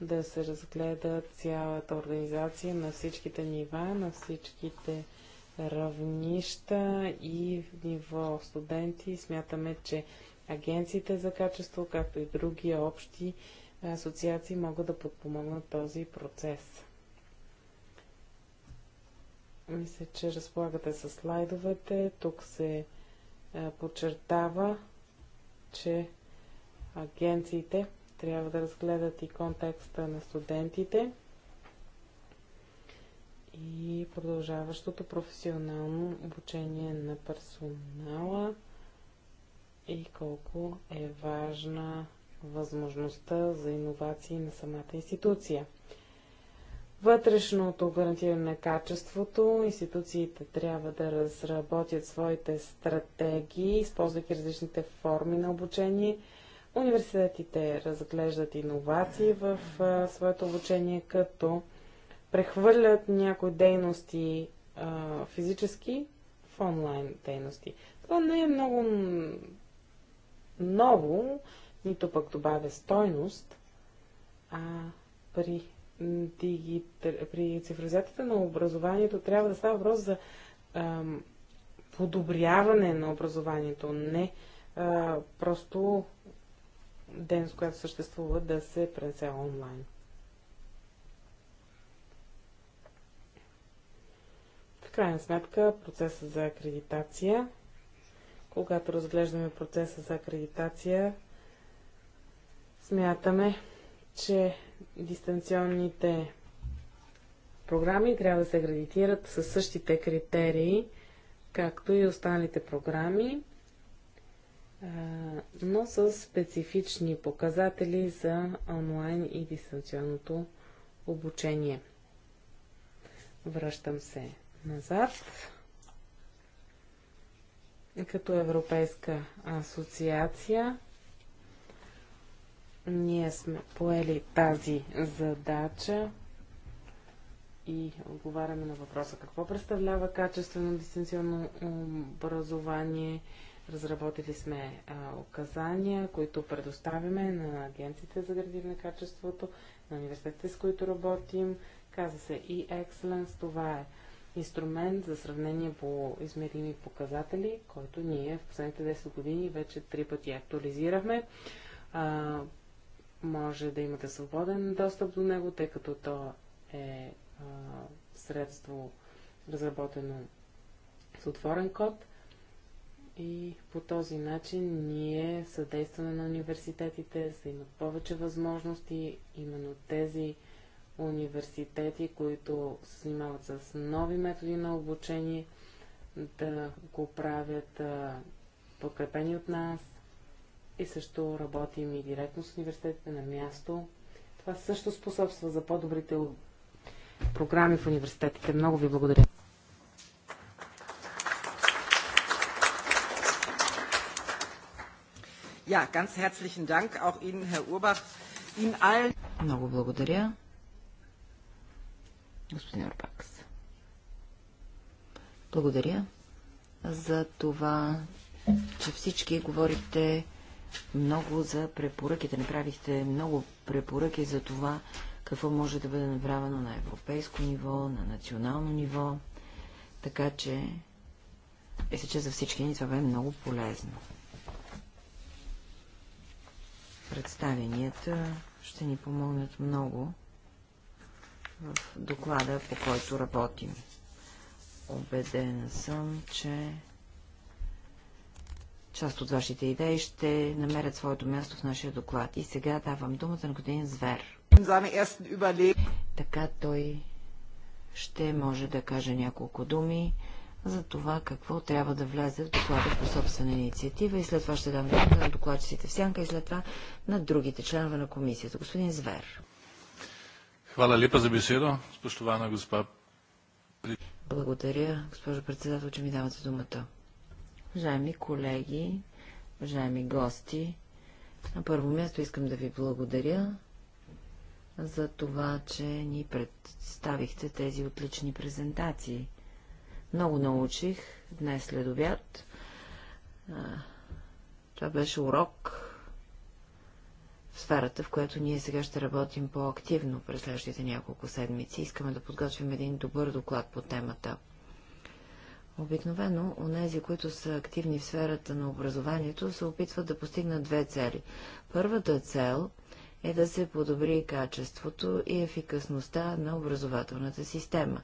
да се разгледа цялата организация на всичките нива, на всичките равнища и ниво студенти. Смятаме, че агенциите за качество, както и други общи асоциации могат да подпомогнат този процес. Мисля, че разполагате с слайдовете. Тук се подчертава, че агенциите трябва да разгледат и контекста на студентите и продължаващото професионално обучение на персонала и колко е важна възможността за иновации на самата институция. Вътрешното гарантиране на качеството, институциите трябва да разработят своите стратегии, използвайки различните форми на обучение. Университетите разглеждат иновации в а, своето обучение като прехвърлят някои дейности а, физически в онлайн дейности. Това не е много ново, нито пък добавя стойност, а при, дигитал... при цифровизацията на образованието трябва да става въпрос за ам, подобряване на образованието, не а, просто ден, с която съществува, да се пренесе онлайн. крайна сметка процеса за акредитация, когато разглеждаме процеса за акредитация, смятаме, че дистанционните програми трябва да се акредитират със същите критерии, както и останалите програми, но с специфични показатели за онлайн и дистанционното обучение. Връщам се назад. Като Европейска асоциация ние сме поели тази задача и отговаряме на въпроса какво представлява качествено дистанционно образование. Разработили сме а, указания, които предоставяме на агенциите за градивно качеството, на университетите, с които работим. Каза се и e excellence това е инструмент за сравнение по измерими показатели, който ние в последните 10 години вече три пъти актуализирахме. А, може да имате свободен достъп до него, тъй като то е а, средство разработено с отворен код. И по този начин ние съдействаме на университетите, да имат повече възможности, именно тези университети, които се занимават с нови методи на обучение, да го правят подкрепени от нас. И също работим и директно с университетите на място. Това също способства за по-добрите програми в университетите. Много ви благодаря. Ja, ganz herzlichen Dank auch Ihnen, Herr Urbach, Ihnen allen. Много благодаря господин Орбакс. Благодаря за това, че всички говорите много за препоръките. Направихте много препоръки за това, какво може да бъде направено на европейско ниво, на национално ниво. Така че, мисля, че за всички ни това е много полезно. Представенията ще ни помогнат много в доклада, по който работим. Обедена съм, че част от вашите идеи ще намерят своето място в нашия доклад. И сега давам думата на годин Звер. Така той ще може да каже няколко думи за това какво трябва да влезе в доклада по собствена инициатива и след това ще дам думата на докладчиците в сянка и след това на другите членове на комисията. Господин Звер. Благодаря, госпожо председател, че ми давате думата. Уважаеми колеги, уважаеми гости, на първо място искам да ви благодаря за това, че ни представихте тези отлични презентации. Много научих днес след обяд. Това беше урок, сферата, в която ние сега ще работим по-активно през следващите няколко седмици. Искаме да подготвим един добър доклад по темата. Обикновено, онези, които са активни в сферата на образованието, се опитват да постигнат две цели. Първата цел е да се подобри качеството и ефикасността на образователната система.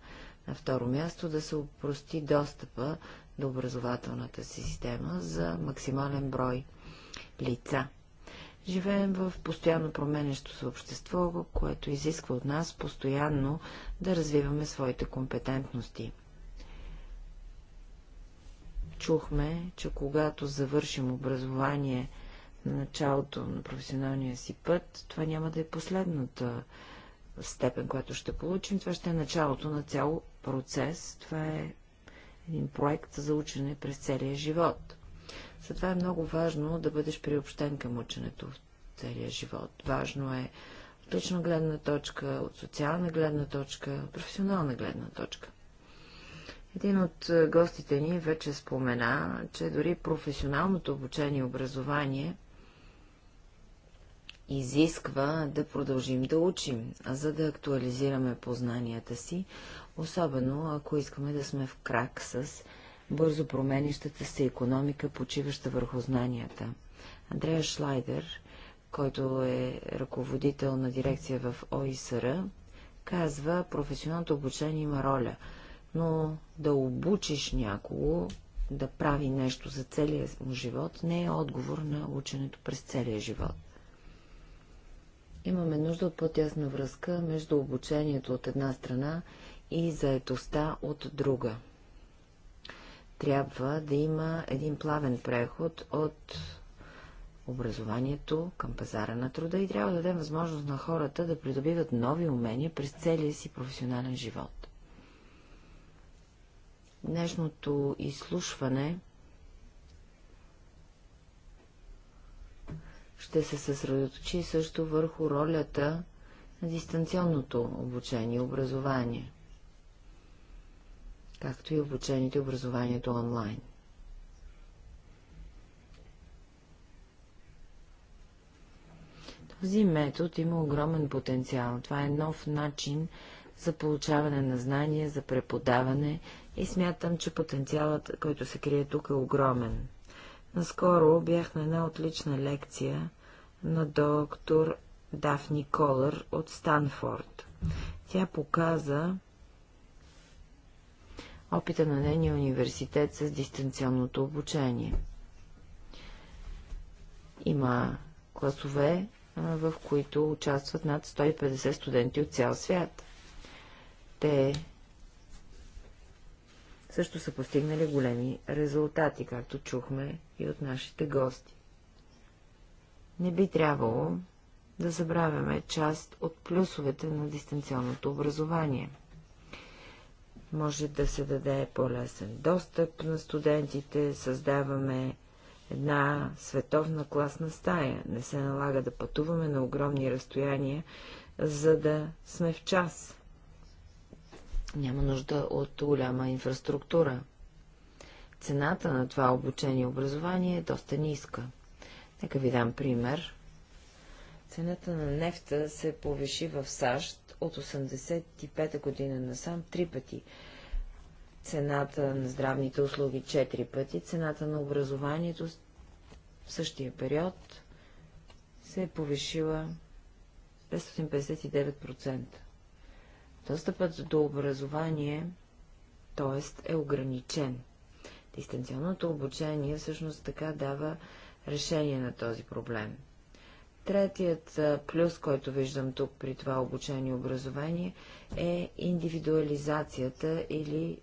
На второ място да се упрости достъпа до образователната система за максимален брой лица. Живеем в постоянно променещо се общество, което изисква от нас постоянно да развиваме своите компетентности. Чухме, че когато завършим образование на началото на професионалния си път, това няма да е последната степен, която ще получим. Това ще е началото на цял процес. Това е един проект за учене през целия живот. Затова е много важно да бъдеш приобщен към ученето в целия живот. Важно е от лична гледна точка, от социална гледна точка, професионална гледна точка. Един от е, гостите ни вече спомена, че дори професионалното обучение и образование изисква да продължим да учим, за да актуализираме познанията си, особено ако искаме да сме в крак с бързо променищата се економика, почиваща върху знанията. Андрея Шлайдер, който е ръководител на дирекция в ОИСР, казва, професионалното обучение има роля, но да обучиш някого да прави нещо за целия му живот не е отговор на ученето през целия живот. Имаме нужда от по-тясна връзка между обучението от една страна и заетостта от друга трябва да има един плавен преход от образованието към пазара на труда и трябва да дадем възможност на хората да придобиват нови умения през целия си професионален живот. Днешното изслушване ще се съсредоточи също върху ролята на дистанционното обучение и образование както и обучението и образованието онлайн. Този метод има огромен потенциал. Това е нов начин за получаване на знания, за преподаване и смятам, че потенциалът, който се крие тук е огромен. Наскоро бях на една отлична лекция на доктор Дафни Колър от Станфорд. Тя показа опита на нейния университет с дистанционното обучение. Има класове, в които участват над 150 студенти от цял свят. Те също са постигнали големи резултати, както чухме и от нашите гости. Не би трябвало да забравяме част от плюсовете на дистанционното образование – може да се даде по-лесен достъп на студентите, създаваме една световна класна стая, не се налага да пътуваме на огромни разстояния, за да сме в час. Няма нужда от голяма инфраструктура. Цената на това обучение и образование е доста ниска. Нека ви дам пример. Цената на нефта се повиши в САЩ от 85-та година насам три пъти, цената на здравните услуги четири пъти, цената на образованието в същия период се е повишила 559%. Достъпът до образование, т.е. е ограничен. Дистанционното обучение всъщност така дава решение на този проблем. Третият плюс, който виждам тук при това обучение и образование, е индивидуализацията или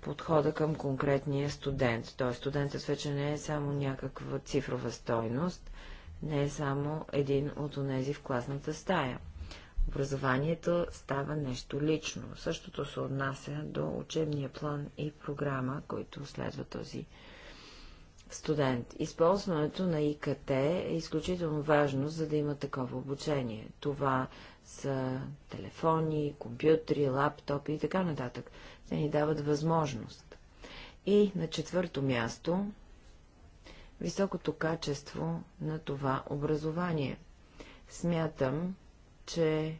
подхода към конкретния студент. Т.е. студентът вече не е само някаква цифрова стойност, не е само един от онези в класната стая. Образованието става нещо лично. Същото се отнася до учебния план и програма, който следва този студент. Използването на ИКТ е изключително важно, за да има такова обучение. Това са телефони, компютри, лаптопи и така нататък. Те ни дават възможност. И на четвърто място – високото качество на това образование. Смятам, че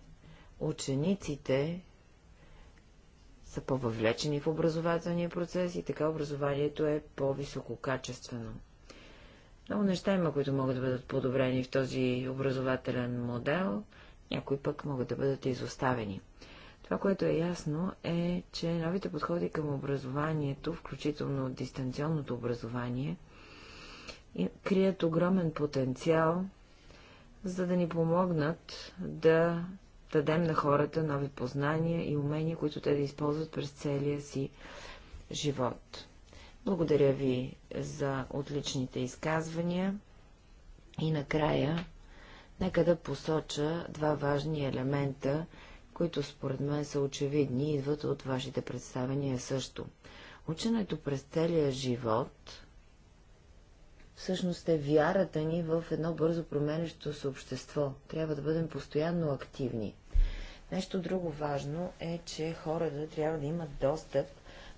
учениците са по-въвлечени в образователния процес и така образованието е по-висококачествено. Много неща има, които могат да бъдат подобрени в този образователен модел, някои пък могат да бъдат изоставени. Това, което е ясно, е, че новите подходи към образованието, включително дистанционното образование, крият огромен потенциал, за да ни помогнат да дадем на хората нови познания и умения, които те да използват през целия си живот. Благодаря ви за отличните изказвания и накрая нека да посоча два важни елемента, които според мен са очевидни и идват от вашите представения също. Ученето през целия живот всъщност е вярата ни в едно бързо променещо се общество. Трябва да бъдем постоянно активни. Нещо друго важно е, че хората трябва да имат достъп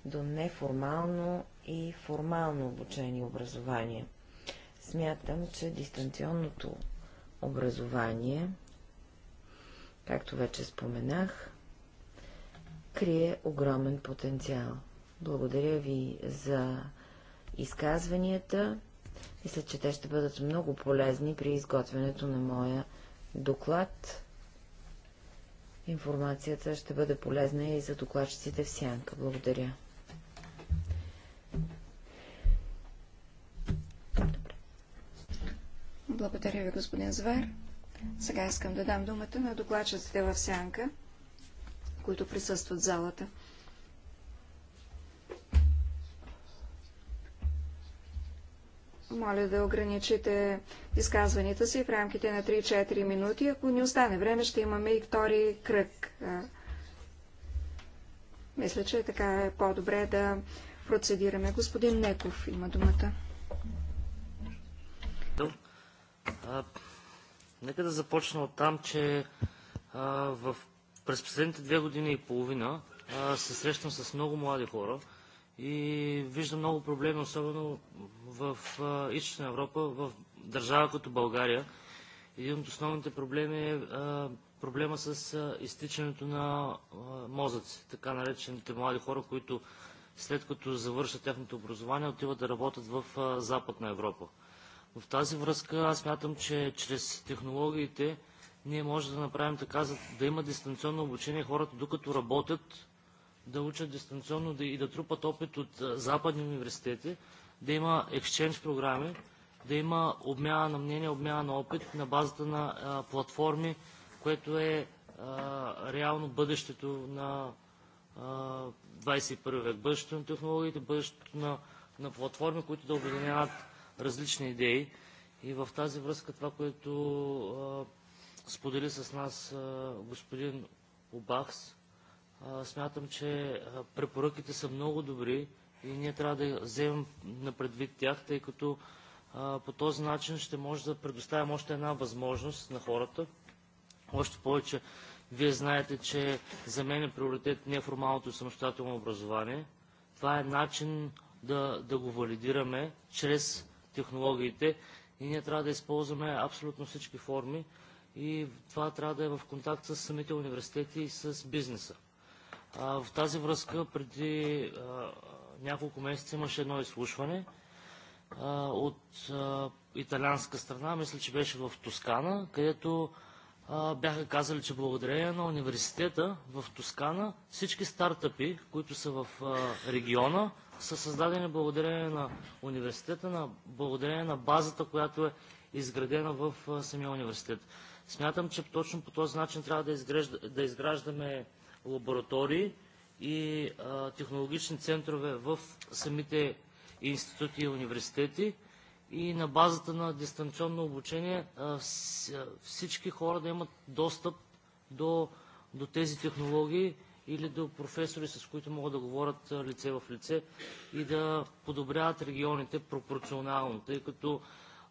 до неформално и формално обучение и образование. Смятам, че дистанционното образование, както вече споменах, крие огромен потенциал. Благодаря ви за изказванията. Мисля, че те ще бъдат много полезни при изготвянето на моя доклад Информацията ще бъде полезна и за докладчиците в сянка. Благодаря. Благодаря ви, господин Звер. Сега искам да дам думата на докладчиците в сянка, които присъстват в залата. Моля да ограничите изказванията си в рамките на 3-4 минути. Ако ни остане време, ще имаме и втори кръг. Мисля, че така е по-добре да процедираме. Господин Неков има думата. А, нека да започна от там, че а, в, през последните две години и половина а, се срещам с много млади хора – и виждам много проблеми, особено в Източна Европа, в държава като България. Един от основните проблеми е проблема с изтичането на мозъци, така наречените млади хора, които след като завършат тяхното образование, отиват да работят в Западна Европа. В тази връзка аз мятам, че чрез технологиите ние можем да направим така, за да има дистанционно обучение хората, докато работят, да учат дистанционно и да трупат опит от западни университети, да има екшенж програми, да има обмяна на мнение, обмяна на опит на базата на а, платформи, което е а, реално бъдещето на а, 21 век. Бъдещето на технологиите, бъдещето на, на платформи, които да объединяват различни идеи. И в тази връзка това, което сподели с нас господин Обахс, смятам, че препоръките са много добри и ние трябва да вземем на предвид тях, тъй като по този начин ще може да предоставим още една възможност на хората. Още повече, вие знаете, че за мен е приоритет неформалното и самостоятелно образование. Това е начин да, да го валидираме чрез технологиите и ние трябва да използваме абсолютно всички форми и това трябва да е в контакт с самите университети и с бизнеса. В тази връзка преди няколко месеца имаше едно изслушване от италианска страна, мисля, че беше в Тоскана, където бяха казали, че благодарение на университета в Тоскана всички стартъпи, които са в региона, са създадени благодарение на университета, на, благодарение на базата, която е изградена в самия университет. Смятам, че точно по този начин трябва да, да изграждаме лаборатории и технологични центрове в самите институти и университети и на базата на дистанционно обучение всички хора да имат достъп до, до тези технологии или до професори, с които могат да говорят лице в лице и да подобряват регионите пропорционално, тъй като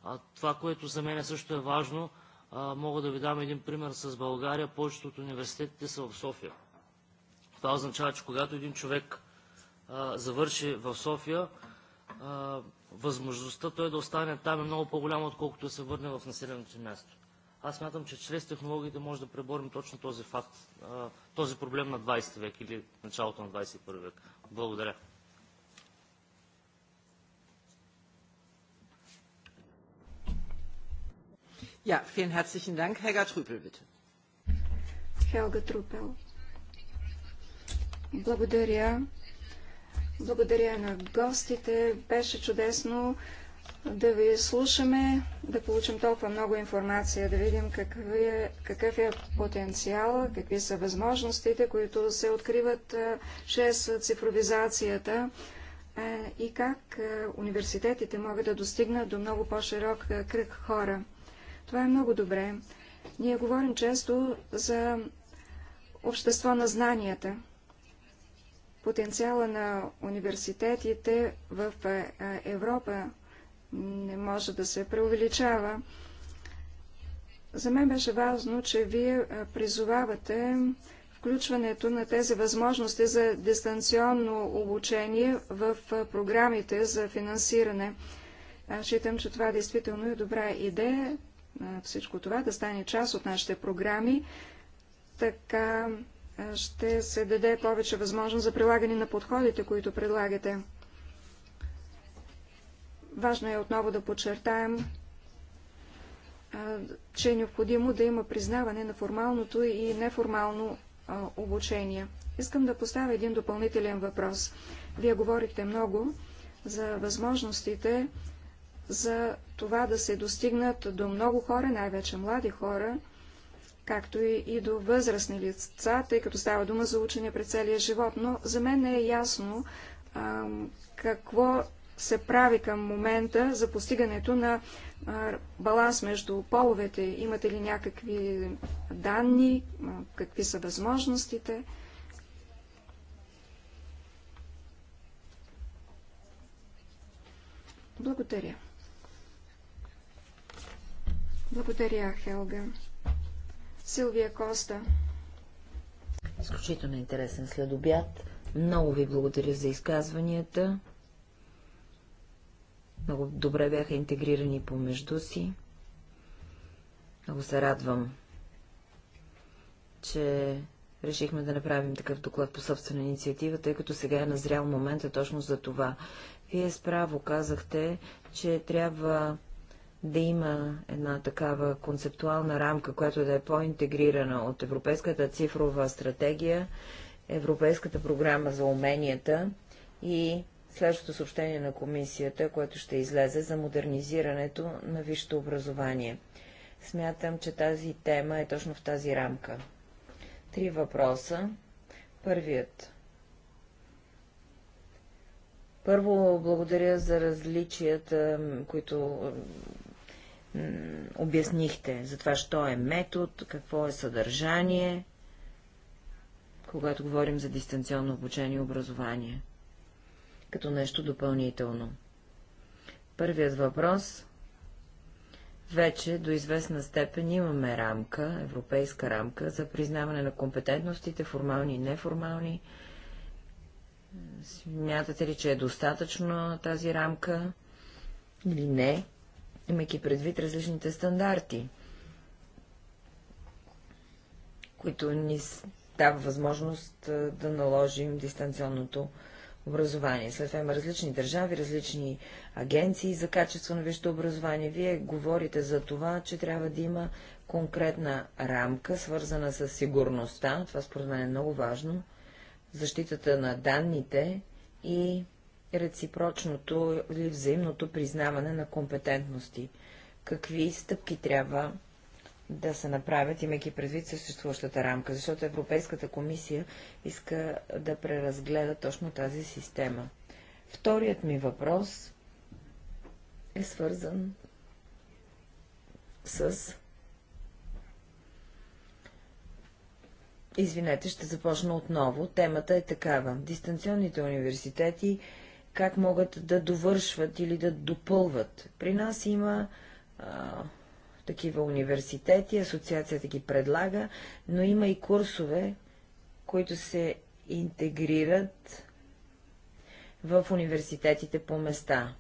а, това, което за мен също е важно, а, мога да ви дам един пример с България. Повечето от университетите са в София. Това означава, че когато един човек а, завърши в София, а, възможността той да остане там е много по-голяма, отколкото да се върне в населеното място. Аз мятам, че чрез технологиите може да преборим точно този факт, а, този проблем на 20 век или началото на 21 век. Благодаря. Ja, vielen herzlichen Dank. Helga Trüpel, bitte. Helga Trüpel. Благодаря. Благодаря на гостите. Беше чудесно да ви слушаме, да получим толкова много информация, да видим какъв е, какъв е потенциал, какви са възможностите, които се откриват чрез цифровизацията и как университетите могат да достигнат до много по-широк кръг хора. Това е много добре. Ние говорим често за общество на знанията потенциала на университетите в е, е, Европа не може да се преувеличава. За мен беше важно, че вие е, призовавате включването на тези възможности за дистанционно обучение в програмите за финансиране. Считам, че това действително е добра идея. Всичко това да стане част от нашите програми. Така ще се даде повече възможност за прилагане на подходите, които предлагате. Важно е отново да подчертаем, че е необходимо да има признаване на формалното и неформално обучение. Искам да поставя един допълнителен въпрос. Вие говорихте много за възможностите за това да се достигнат до много хора, най-вече млади хора, както и до възрастни лица, тъй като става дума за учене през целия живот. Но за мен не е ясно а, какво се прави към момента за постигането на а, баланс между половете. Имате ли някакви данни, а, какви са възможностите? Благодаря. Благодаря, Хелга. Силвия Коста. Изключително интересен следобяд. Много ви благодаря за изказванията. Много добре бяха интегрирани помежду си. Много се радвам, че решихме да направим такъв доклад по собствена инициатива, тъй като сега е назрял момента точно за това. Вие справо казахте, че трябва да има една такава концептуална рамка, която да е по-интегрирана от Европейската цифрова стратегия, Европейската програма за уменията и следващото съобщение на комисията, което ще излезе за модернизирането на висшето образование. Смятам, че тази тема е точно в тази рамка. Три въпроса. Първият. Първо, благодаря за различията, които обяснихте за това, що е метод, какво е съдържание, когато говорим за дистанционно обучение и образование, като нещо допълнително. Първият въпрос вече до известна степен имаме рамка, европейска рамка, за признаване на компетентностите, формални и неформални. Смятате ли, че е достатъчно тази рамка или не? имайки предвид различните стандарти, които ни дава възможност да наложим дистанционното образование. След това има различни държави, различни агенции за качество на висшето образование. Вие говорите за това, че трябва да има конкретна рамка, свързана с сигурността, това според мен е много важно, защитата на данните и реципрочното или взаимното признаване на компетентности. Какви стъпки трябва да се направят, имайки предвид съществуващата рамка, защото Европейската комисия иска да преразгледа точно тази система. Вторият ми въпрос е свързан с... Извинете, ще започна отново. Темата е такава. Дистанционните университети как могат да довършват или да допълват. При нас има а, такива университети, асоциацията ги предлага, но има и курсове, които се интегрират в университетите по места.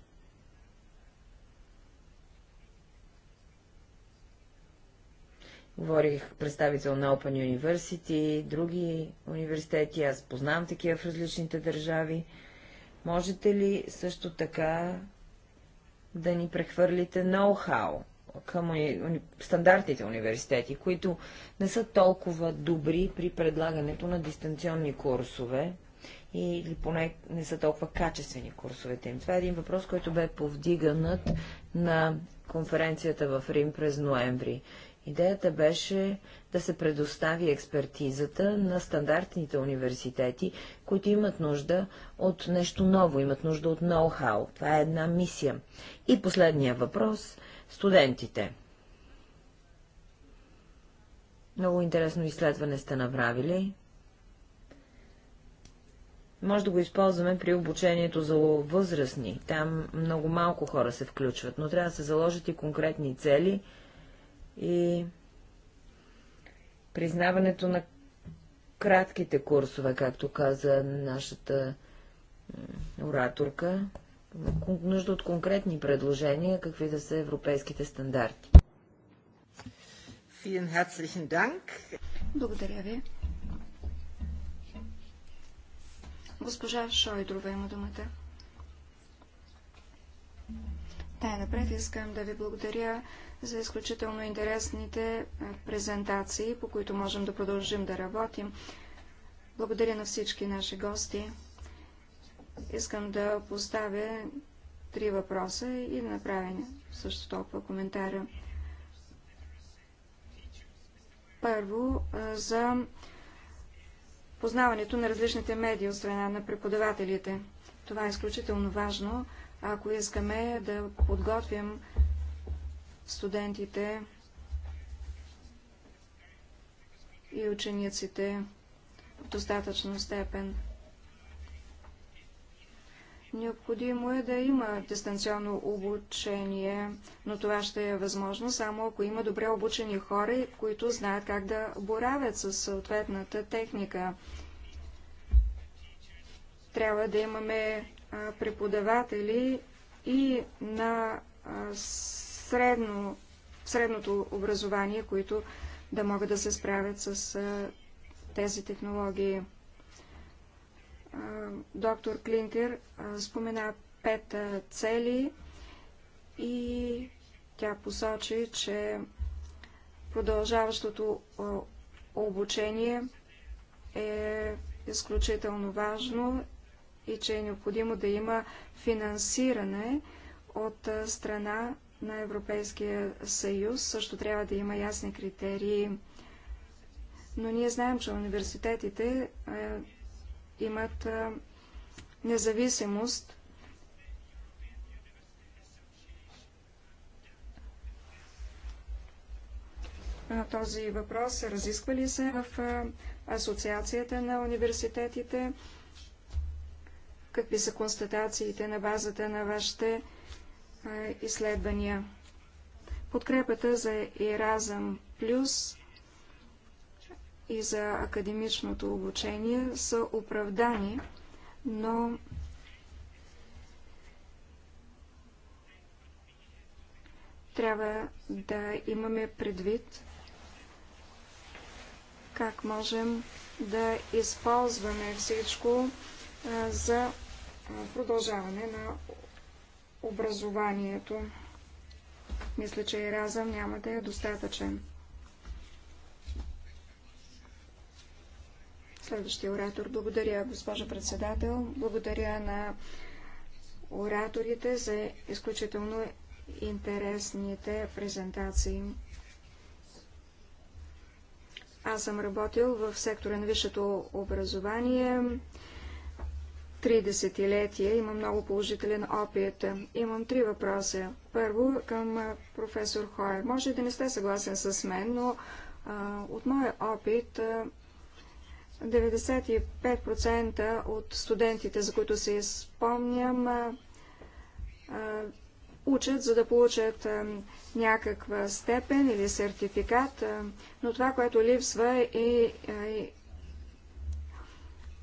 Говорих представител на Open University, други университети, аз познавам такива в различните държави. Можете ли също така да ни прехвърлите ноу-хау към уни... стандартните университети, които не са толкова добри при предлагането на дистанционни курсове или поне не са толкова качествени курсовете им? Това е един въпрос, който бе повдиганът на конференцията в Рим през ноември. Идеята беше да се предостави експертизата на стандартните университети, които имат нужда от нещо ново, имат нужда от ноу-хау. Това е една мисия. И последния въпрос – студентите. Много интересно изследване сте направили. Може да го използваме при обучението за възрастни. Там много малко хора се включват, но трябва да се заложат и конкретни цели и Признаването на кратките курсове, както каза нашата ораторка, нужда от конкретни предложения, какви да са европейските стандарти. Благодаря ви. Госпожа Шойдрова има думата. Най-напред искам да ви благодаря за изключително интересните е, презентации, по които можем да продължим да работим. Благодаря на всички наши гости. Искам да поставя три въпроса и да направя също толкова коментара. Първо, е, за познаването на различните медии от страна на преподавателите. Това е изключително важно, ако искаме да подготвим студентите и учениците в достатъчна степен. Необходимо е да има дистанционно обучение, но това ще е възможно само ако има добре обучени хора, които знаят как да боравят със съответната техника. Трябва да имаме преподаватели и на средно, средното образование, които да могат да се справят с а, тези технологии. А, доктор Клинкер а, спомена пет цели и тя посочи, че продължаващото обучение е изключително важно и че е необходимо да има финансиране от страна на Европейския съюз също трябва да има ясни критерии. Но ние знаем, че университетите е, имат е, независимост. Този въпрос разисква ли се в е, Асоциацията на университетите? Какви са констатациите на базата на вашите изследвания. Подкрепата за Еразъм Плюс и за академичното обучение са оправдани, но трябва да имаме предвид как можем да използваме всичко за продължаване на образованието. Мисля, че и разъм няма да е достатъчен. Следващия оратор. Благодаря, госпожа председател. Благодаря на ораторите за изключително интересните презентации. Аз съм работил в сектора на висшето образование, три десетилетия. Има много положителен опит. Имам три въпроса. Първо към професор Хойер. Може да не сте съгласен с мен, но а, от моя опит а, 95% от студентите, за които се изпомням, а, а, учат, за да получат а, някаква степен или сертификат, а, но това, което липсва е, е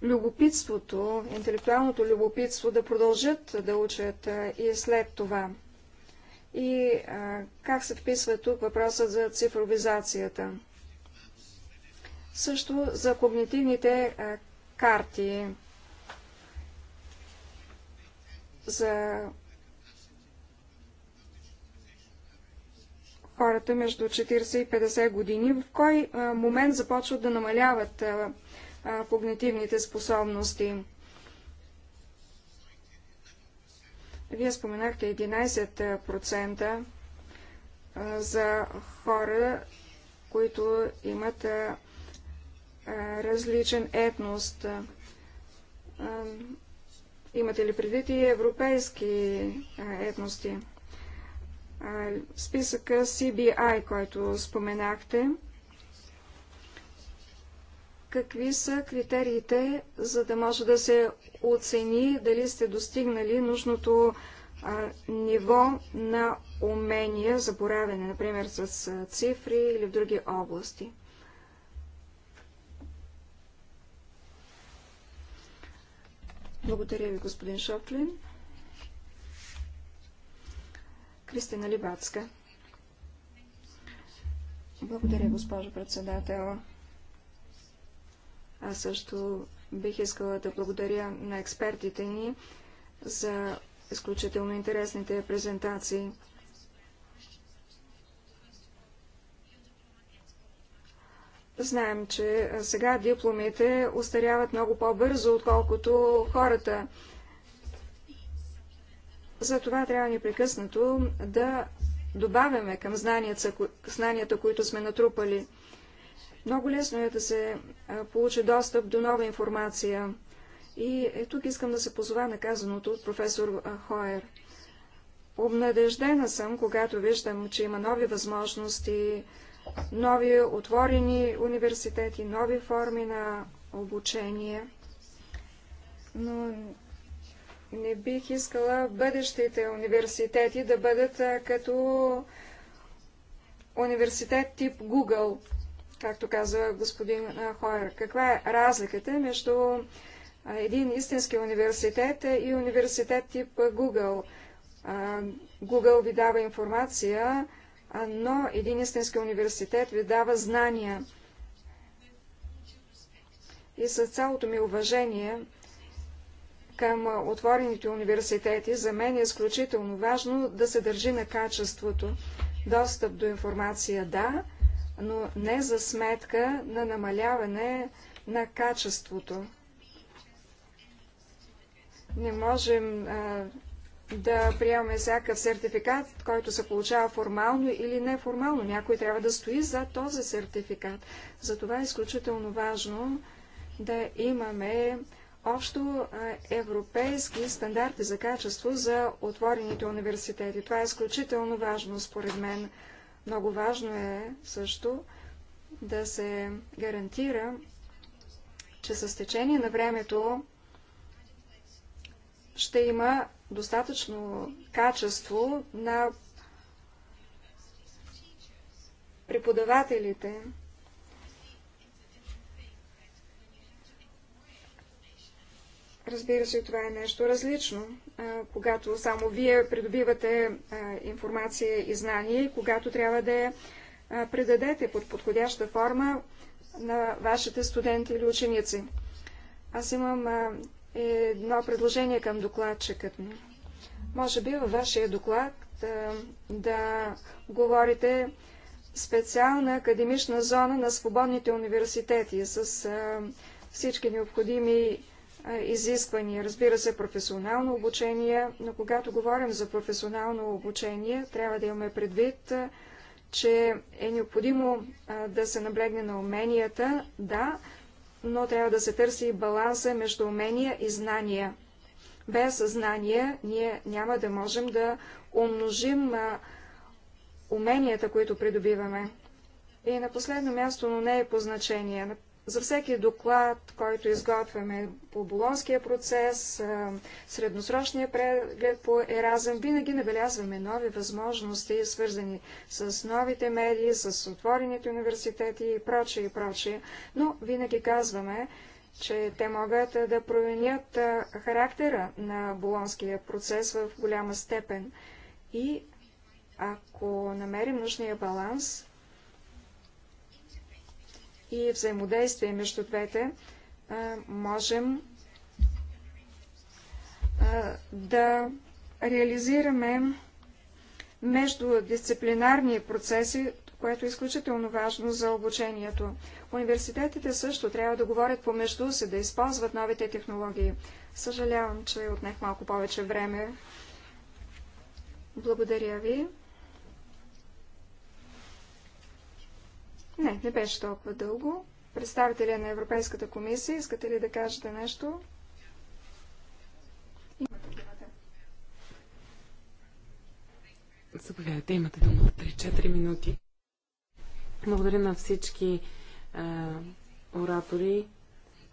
любопитството, интелектуалното любопитство да продължат да учат и след това. И а, как се вписва тук въпросът за цифровизацията? Също за когнитивните а, карти, за хората между 40 и 50 години, в кой а, момент започват да намаляват а, а, когнитивните способности. Вие споменахте 11% за хора, които имат а, различен етнос. Имате ли предвид и европейски етности? Списъка CBI, който споменахте, какви са критериите, за да може да се оцени дали сте достигнали нужното а, ниво на умения за боравене, например с цифри или в други области. Благодаря ви, господин Шоплин. Кристина Либацка. Благодаря, госпожо председател. Аз също бих искала да благодаря на експертите ни за изключително интересните презентации. Знаем, че сега дипломите устаряват много по-бързо, отколкото хората. Затова трябва непрекъснато да добавяме към знанията, които сме натрупали. Много лесно е да се получи достъп до нова информация. И е, тук искам да се позова на казаното от професор Хоер. Обнадеждена съм, когато виждам, че има нови възможности, нови отворени университети, нови форми на обучение. Но не бих искала бъдещите университети да бъдат като университет тип Google както каза господин Хойер. Каква е разликата между един истински университет и университет тип Google? Google ви дава информация, но един истински университет ви дава знания. И с цялото ми уважение към отворените университети, за мен е изключително важно да се държи на качеството. Достъп до информация – да, но не за сметка на намаляване на качеството. Не можем а, да приемаме всякакъв сертификат, който се получава формално или неформално. Някой трябва да стои за този сертификат. Затова е изключително важно да имаме общо европейски стандарти за качество за отворените университети. Това е изключително важно, според мен. Много важно е също да се гарантира, че с течение на времето ще има достатъчно качество на преподавателите. Разбира се, това е нещо различно когато само вие придобивате информация и знания, и когато трябва да я предадете под подходяща форма на вашите студенти или ученици. Аз имам едно предложение към докладчикът ми. Може би във вашия доклад да, да говорите специална академична зона на свободните университети с а, всички необходими изисквания. Разбира се, професионално обучение, но когато говорим за професионално обучение, трябва да имаме предвид, че е необходимо да се наблегне на уменията, да, но трябва да се търси и баланса между умения и знания. Без знания ние няма да можем да умножим уменията, които придобиваме. И на последно място, но не е по значение за всеки доклад, който изготвяме по Болонския процес, средносрочния преглед по Еразъм, винаги набелязваме нови възможности, свързани с новите медии, с отворените университети и прочее, и прочее. Но винаги казваме, че те могат да променят характера на Болонския процес в голяма степен. И ако намерим нужния баланс, и взаимодействие между двете, можем да реализираме между дисциплинарни процеси, което е изключително важно за обучението. Университетите също трябва да говорят помежду си, да използват новите технологии. Съжалявам, че отнех малко повече време. Благодаря ви. Не, не беше толкова дълго. Представителя на Европейската комисия, искате ли да кажете нещо? Имате думата. Заповядайте, имате дума 3-4 минути. Благодаря на всички е, оратори,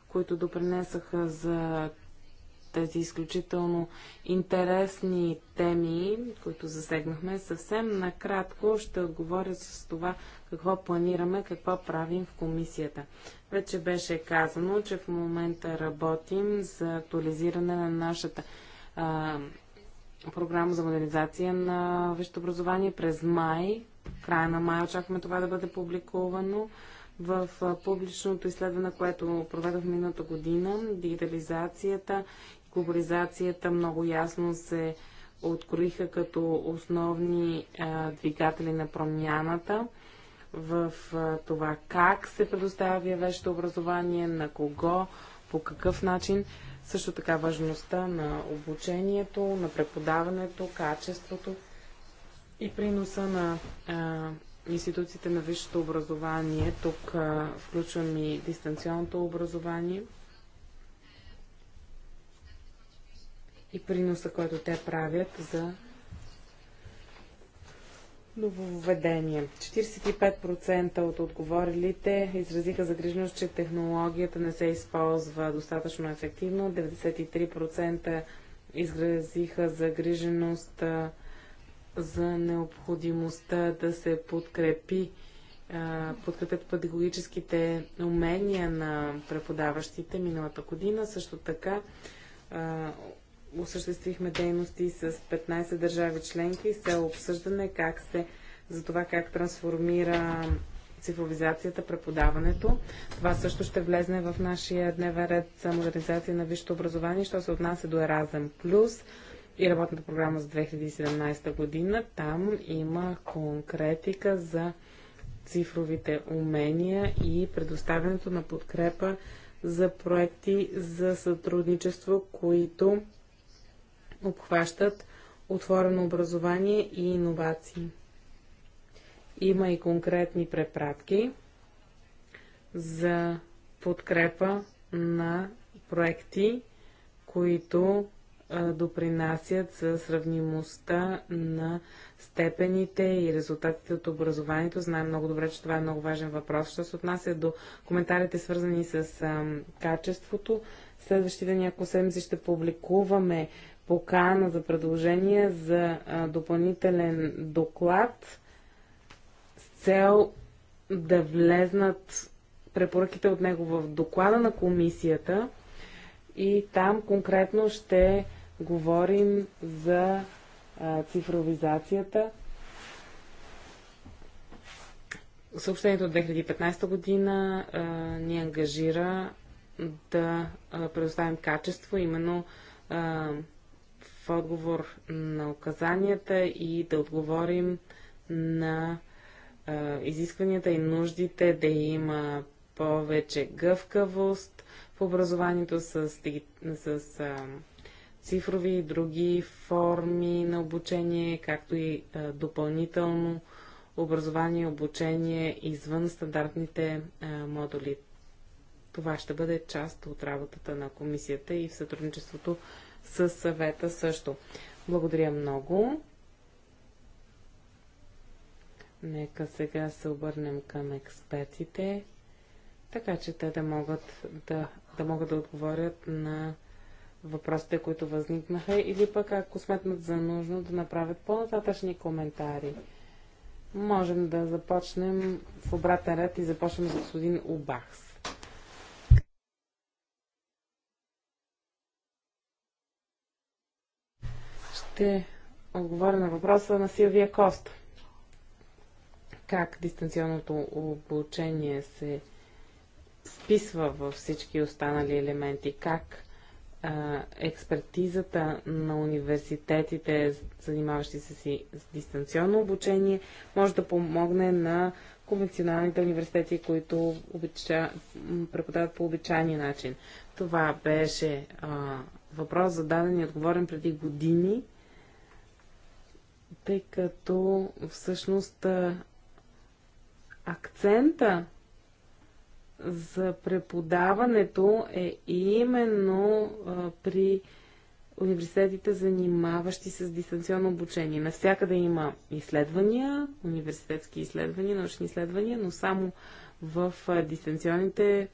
които допринесаха за тези изключително интересни теми, които засегнахме. Съвсем накратко ще отговоря с това какво планираме, какво правим в комисията. Вече беше казано, че в момента работим за актуализиране на нашата а, програма за модернизация на висшето образование през май. Края на май очакваме това да бъде публикувано в публичното изследване, което проведох миналата година, дигитализацията глобализацията много ясно се откроиха като основни а, двигатели на промяната в а, това как се предоставя вещето образование, на кого, по какъв начин. Също така важността на обучението, на преподаването, качеството и приноса на а, институциите на висшето образование. Тук а, включвам и дистанционното образование – и приноса, който те правят за нововведение. 45% от отговорилите изразиха загриженост, че технологията не се използва достатъчно ефективно. 93% изразиха загриженост за необходимостта да се подкрепи подкрепят педагогическите умения на преподаващите миналата година. Също така осъществихме дейности с 15 държави членки с цел обсъждане как се, за това как трансформира цифровизацията, преподаването. Това също ще влезне в нашия дневен ред за модернизация на висшето образование, що се отнася до Еразъм Плюс и работната програма за 2017 година. Там има конкретика за цифровите умения и предоставянето на подкрепа за проекти за сътрудничество, които обхващат отворено образование и иновации. Има и конкретни препратки за подкрепа на проекти, които допринасят за сравнимостта на степените и резултатите от образованието. Знаем много добре, че това е много важен въпрос. Що се отнася до коментарите, свързани с ам, качеството, следващите няколко седмици ще публикуваме покана за предложение за допълнителен доклад с цел да влезнат препоръките от него в доклада на комисията и там конкретно ще говорим за цифровизацията. Съобщението от 2015 година а, ни ангажира да предоставим качество, именно отговор на указанията и да отговорим на изискванията и нуждите да има повече гъвкавост в образованието с, с е, цифрови и други форми на обучение, както и допълнително образование и обучение извън стандартните модули. Това ще бъде част от работата на комисията и в сътрудничеството с съвета също. Благодаря много. Нека сега се обърнем към експертите, така че те да могат да, да, могат да отговорят на въпросите, които възникнаха, или пък ако сметнат за нужно да направят по-нататъчни коментари. Можем да започнем в обратен ред и започнем с господин Убахс. ще отговоря на въпроса на Силвия Коста. Как дистанционното обучение се списва във всички останали елементи? Как а, експертизата на университетите, занимаващи се си с дистанционно обучение, може да помогне на конвенционалните университети, които обича, преподават по обичайния начин. Това беше а, въпрос зададен и отговорен преди години тъй като всъщност акцента за преподаването е именно при университетите, занимаващи се с дистанционно обучение. Навсякъде има изследвания, университетски изследвания, научни изследвания, но само в дистанционните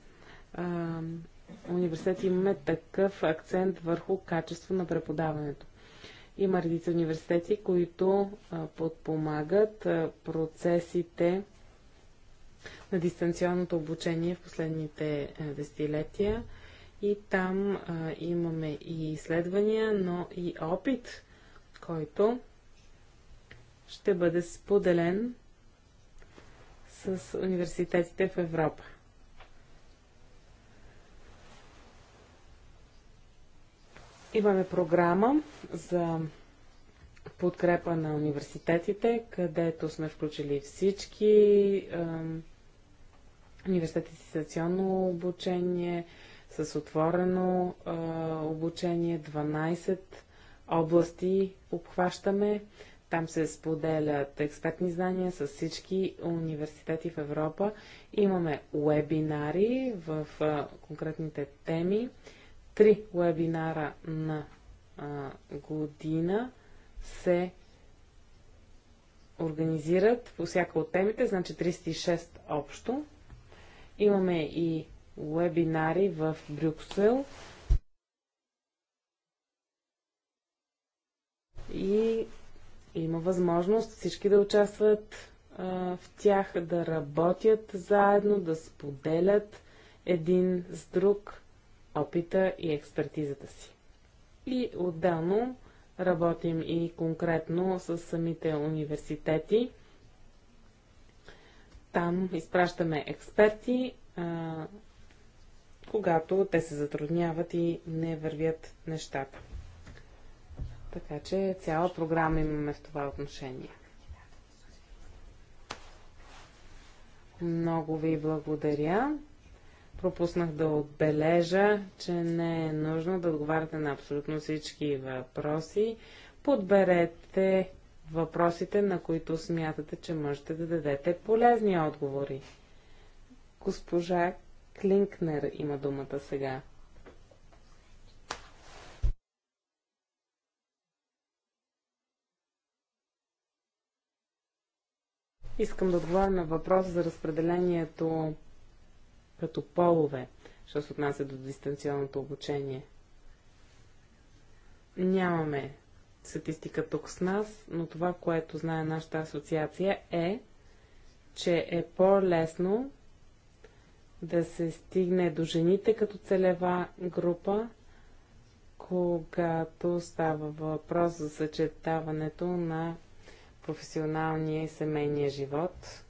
университети имаме такъв акцент върху качество на преподаването. Има редица университети, които подпомагат процесите на дистанционното обучение в последните е, десетилетия. И там а, имаме и изследвания, но и опит, който ще бъде споделен с университетите в Европа. Имаме програма за подкрепа на университетите, където сме включили всички е, университетизационно обучение, с отворено обучение, 12 области обхващаме. Там се споделят експертни знания с всички университети в Европа. Имаме вебинари в конкретните теми три вебинара на а, година се организират по всяка от темите, значи 36 общо. Имаме и вебинари в Брюксел и има възможност всички да участват а, в тях, да работят заедно, да споделят един с друг – опита и експертизата си. И отделно работим и конкретно с самите университети. Там изпращаме експерти, а, когато те се затрудняват и не вървят нещата. Така че цяла програма имаме в това отношение. Много ви благодаря. Пропуснах да отбележа, че не е нужно да отговаряте на абсолютно всички въпроси. Подберете въпросите, на които смятате, че можете да дадете полезни отговори. Госпожа Клинкнер има думата сега. Искам да отговоря на въпрос за разпределението като полове, що се отнася до дистанционното обучение. Нямаме статистика тук с нас, но това, което знае нашата асоциация е, че е по-лесно да се стигне до жените като целева група, когато става въпрос за съчетаването на професионалния и семейния живот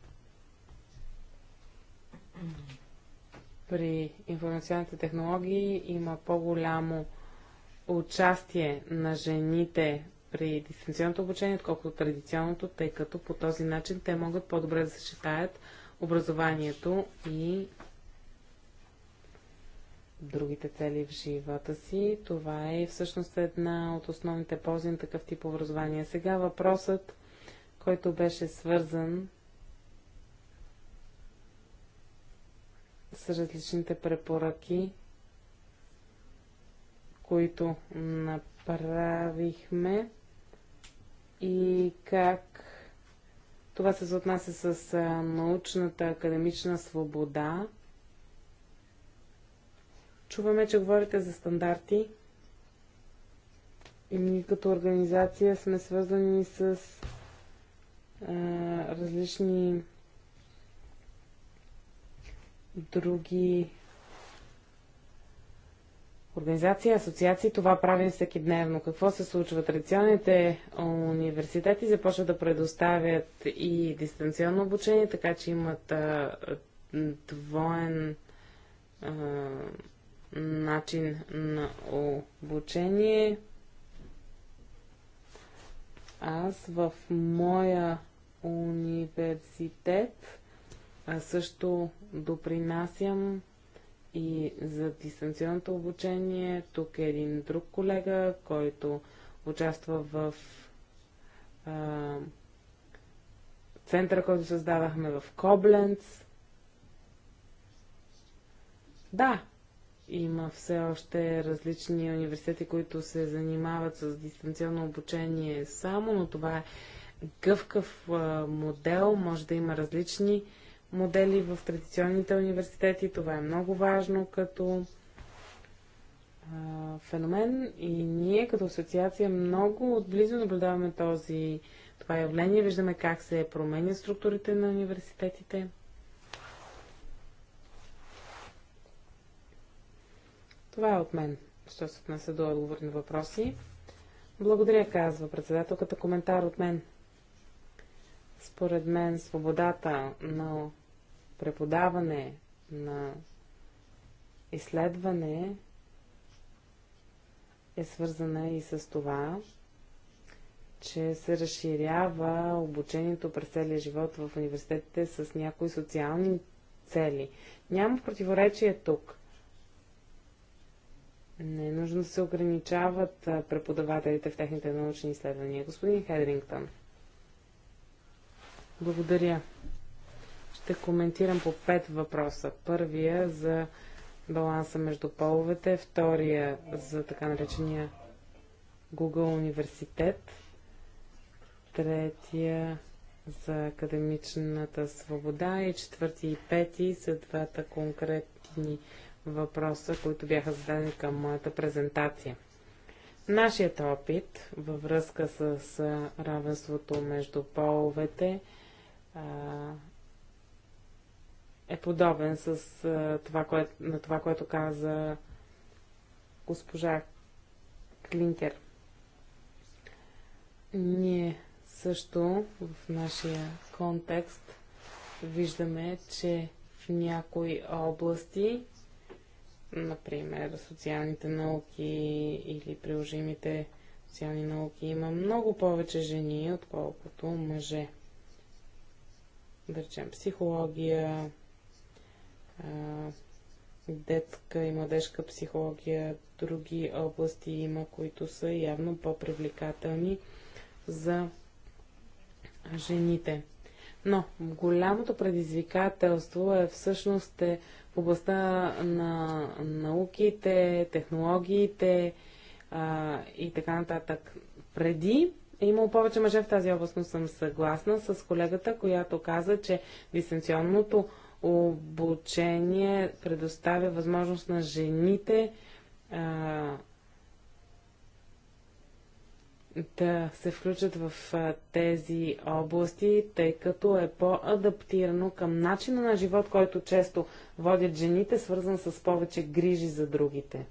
при информационните технологии има по-голямо участие на жените при дистанционното обучение, отколкото традиционното, тъй като по този начин те могат по-добре да съчетаят образованието и другите цели в живота си. Това е всъщност една от основните ползи на такъв тип образование. Сега въпросът, който беше свързан с различните препоръки, които направихме и как това се отнася с научната академична свобода. Чуваме, че говорите за стандарти. И ние като организация сме свързани с а, различни други организации, асоциации. Това правим всеки дневно. Какво се случва? Традиционните университети започват да предоставят и дистанционно обучение, така че имат а, двоен а, начин на обучение. Аз в моя университет а също допринасям и за дистанционното обучение. Тук е един друг колега, който участва в а, центъра, който създавахме в Кобленц. Да, има все още различни университети, които се занимават с дистанционно обучение само, но това е гъвкав а, модел, може да има различни модели в традиционните университети. Това е много важно като а, феномен и ние като асоциация много отблизо наблюдаваме този, това явление. Виждаме как се променят структурите на университетите. Това е от мен, що се отнася до отговор на въпроси. Благодаря, казва председателката. Коментар от мен. Според мен свободата на преподаване, на изследване е свързана и с това, че се разширява обучението през целия живот в университетите с някои социални цели. Няма противоречие тук. Не е нужно да се ограничават преподавателите в техните научни изследвания. Господин Хедрингтън. Благодаря. Ще коментирам по пет въпроса. Първия за баланса между половете, втория за така наречения Google университет, третия за академичната свобода и четвърти и пети са двата конкретни въпроса, които бяха зададени към моята презентация. Нашият опит във връзка с равенството между половете е подобен с а, това, кое, на това, което каза госпожа Клинкер. Ние също в нашия контекст виждаме, че в някои области, например социалните науки или приложимите социални науки, има много повече жени, отколкото мъже. Да речем психология, детска и младежка психология, други области има, които са явно по-привлекателни за жените. Но голямото предизвикателство е всъщност е в областта на науките, технологиите а, и така нататък. Преди е имало повече мъже в тази област, но съм съгласна с колегата, която каза, че дистанционното обучение предоставя възможност на жените а, да се включат в а, тези области, тъй като е по-адаптирано към начина на живот, който често водят жените, свързан с повече грижи за другите.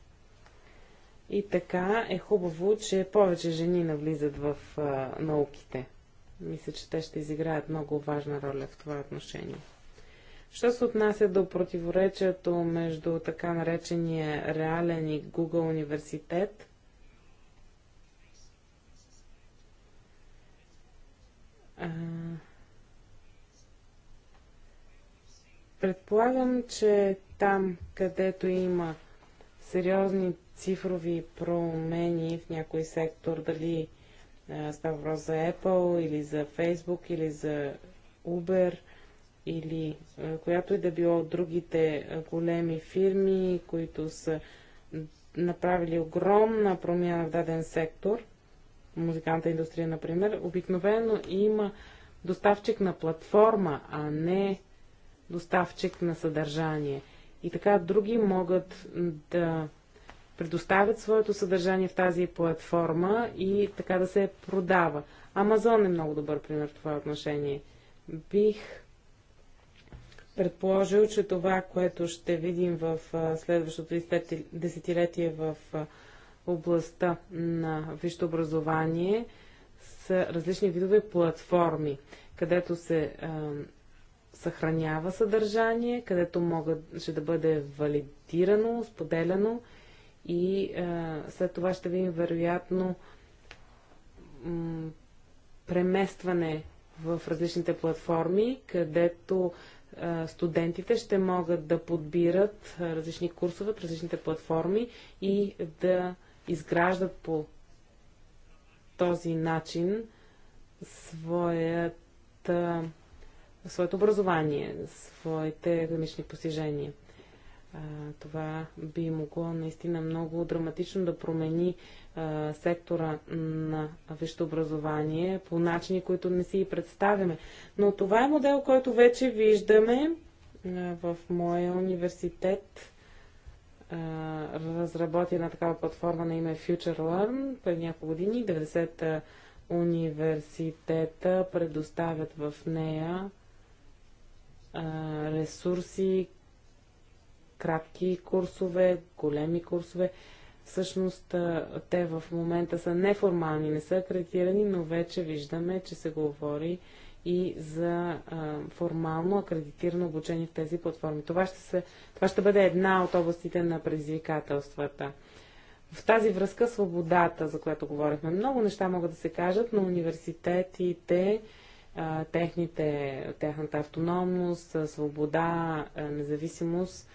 И така е хубаво, че повече жени навлизат в а, науките. Мисля, че те ще изиграят много важна роля в това отношение. Що се отнася до противоречието между така наречения реален и Google университет, предполагам, че там, където има сериозни цифрови промени в някой сектор, дали става въпрос за Apple или за Facebook или за Uber – или която и да било от другите големи фирми, които са направили огромна промяна в даден сектор, музикалната индустрия, например, обикновено има доставчик на платформа, а не доставчик на съдържание. И така други могат да предоставят своето съдържание в тази платформа и така да се продава. Амазон е много добър пример в това отношение. Бих предположил, че това, което ще видим в следващото десетилетие в областта на висшето образование, са различни видове платформи, където се съхранява съдържание, където могат, ще да бъде валидирано, споделяно и е, след това ще видим вероятно преместване в различните платформи, където студентите ще могат да подбират различни курсове през различните платформи и да изграждат по този начин своята, своето образование, своите академични постижения. Това би могло наистина много драматично да промени сектора на висшето образование по начини, които не си и представяме. Но това е модел, който вече виждаме в моя университет. разработи една такава платформа на име Future Learn пред няколко години. 90 университета предоставят в нея ресурси, кратки курсове, големи курсове, Всъщност те в момента са неформални, не са акредитирани, но вече виждаме, че се говори и за а, формално акредитирано обучение в тези платформи. Това ще, се, това ще бъде една от областите на предизвикателствата. В тази връзка свободата, за която говорихме, много неща могат да се кажат, но университетите, а, техните, техната автономност, свобода, а, независимост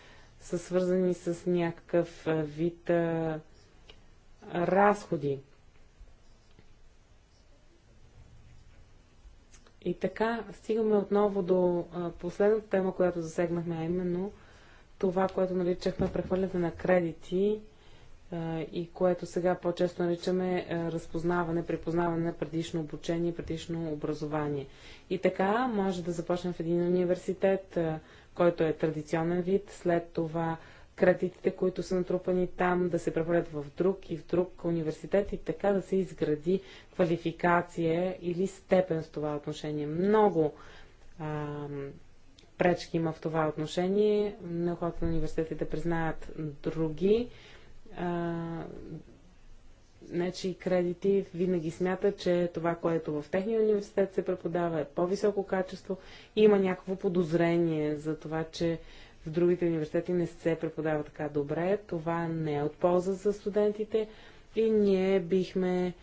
са свързани с някакъв вид а, разходи. И така стигаме отново до а, последната тема, която засегнахме, а именно това, което наричахме прехвърляне на кредити и което сега по-често наричаме разпознаване, припознаване на предишно обучение, предишно образование. И така може да започнем в един университет, който е традиционен вид, след това кредитите, които са натрупани там, да се прехвърлят в друг и в друг университет и така да се изгради квалификация или степен в това отношение. Много а, пречки има в това отношение. Много на университетите признаят други а, значи, кредити винаги смятат, че това, което в техния университет се преподава е по-високо качество и има някакво подозрение за това, че в другите университети не се преподава така добре. Това не е от полза за студентите и ние бихме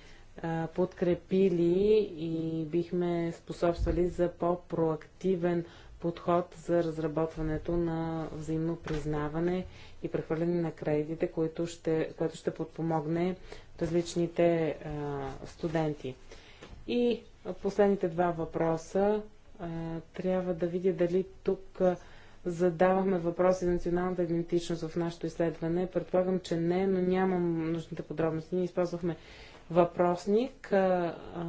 а, подкрепили и бихме способствали за по-проактивен подход за разработването на взаимно признаване и прехвърляне на кредитите, което ще, което ще подпомогне различните а, студенти. И последните два въпроса а, трябва да видя дали тук задаваме въпроси за националната идентичност в нашето изследване. Предполагам, че не, но нямам нужните подробности. Ние използвахме въпросник а, а,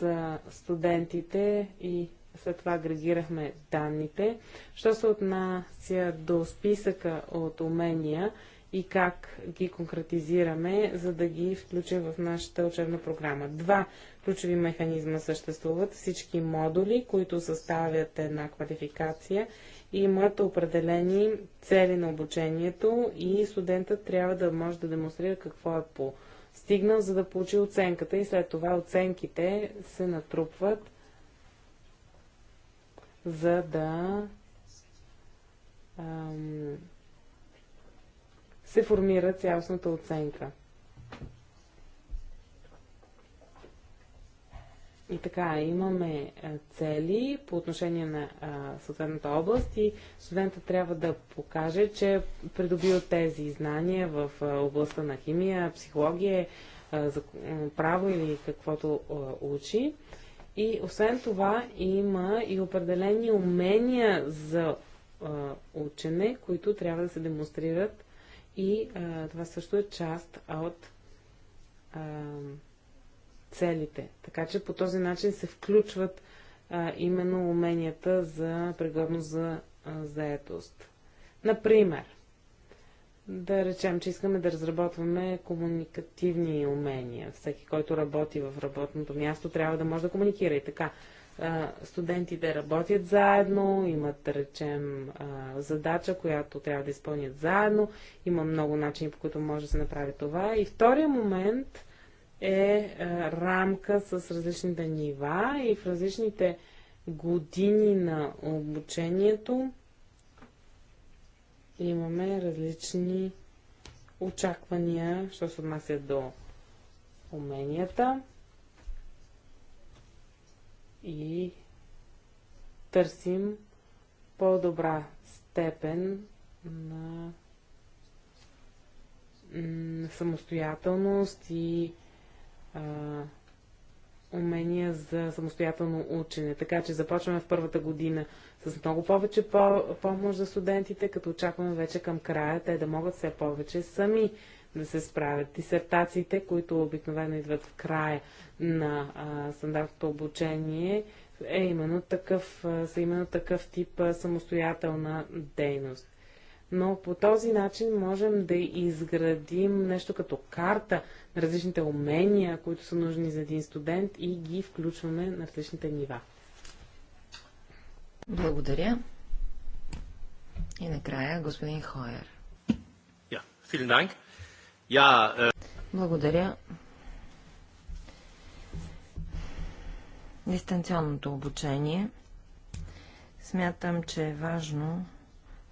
за студентите и след това агрегирахме данните. Що се отнася до списъка от умения и как ги конкретизираме, за да ги включим в нашата учебна програма. Два ключови механизма съществуват. Всички модули, които съставят една квалификация, имат определени цели на обучението и студентът трябва да може да демонстрира какво е постигнал, за да получи оценката и след това оценките се натрупват за да ам, се формира цялостната оценка. И така, имаме цели по отношение на съответната област и студента трябва да покаже, че е придобил тези знания в областта на химия, психология, право или каквото учи. И освен това има и определени умения за а, учене, които трябва да се демонстрират и а, това също е част от а, целите. Така че по този начин се включват а, именно уменията за пригодност за а, заетост. Например, да речем, че искаме да разработваме комуникативни умения. Всеки, който работи в работното място, трябва да може да комуникира и така. Студентите работят заедно, имат, да речем, задача, която трябва да изпълнят заедно. Има много начини, по които може да се направи това. И втория момент е рамка с различните нива и в различните години на обучението имаме различни очаквания, що се отнася до уменията и търсим по-добра степен на самостоятелност и а, умения за самостоятелно учене. Така че започваме в първата година с много повече по помощ за студентите, като очакваме вече към края те да могат все повече сами да се справят. Дисертациите, които обикновено идват в края на а, стандартното обучение, е именно такъв, са именно такъв тип а, самостоятелна дейност но по този начин можем да изградим нещо като карта на различните умения, които са нужни за един студент и ги включваме на различните нива. Благодаря. И накрая господин Хойер. Äh, Благодаря. Дистанционното обучение. Смятам, че е важно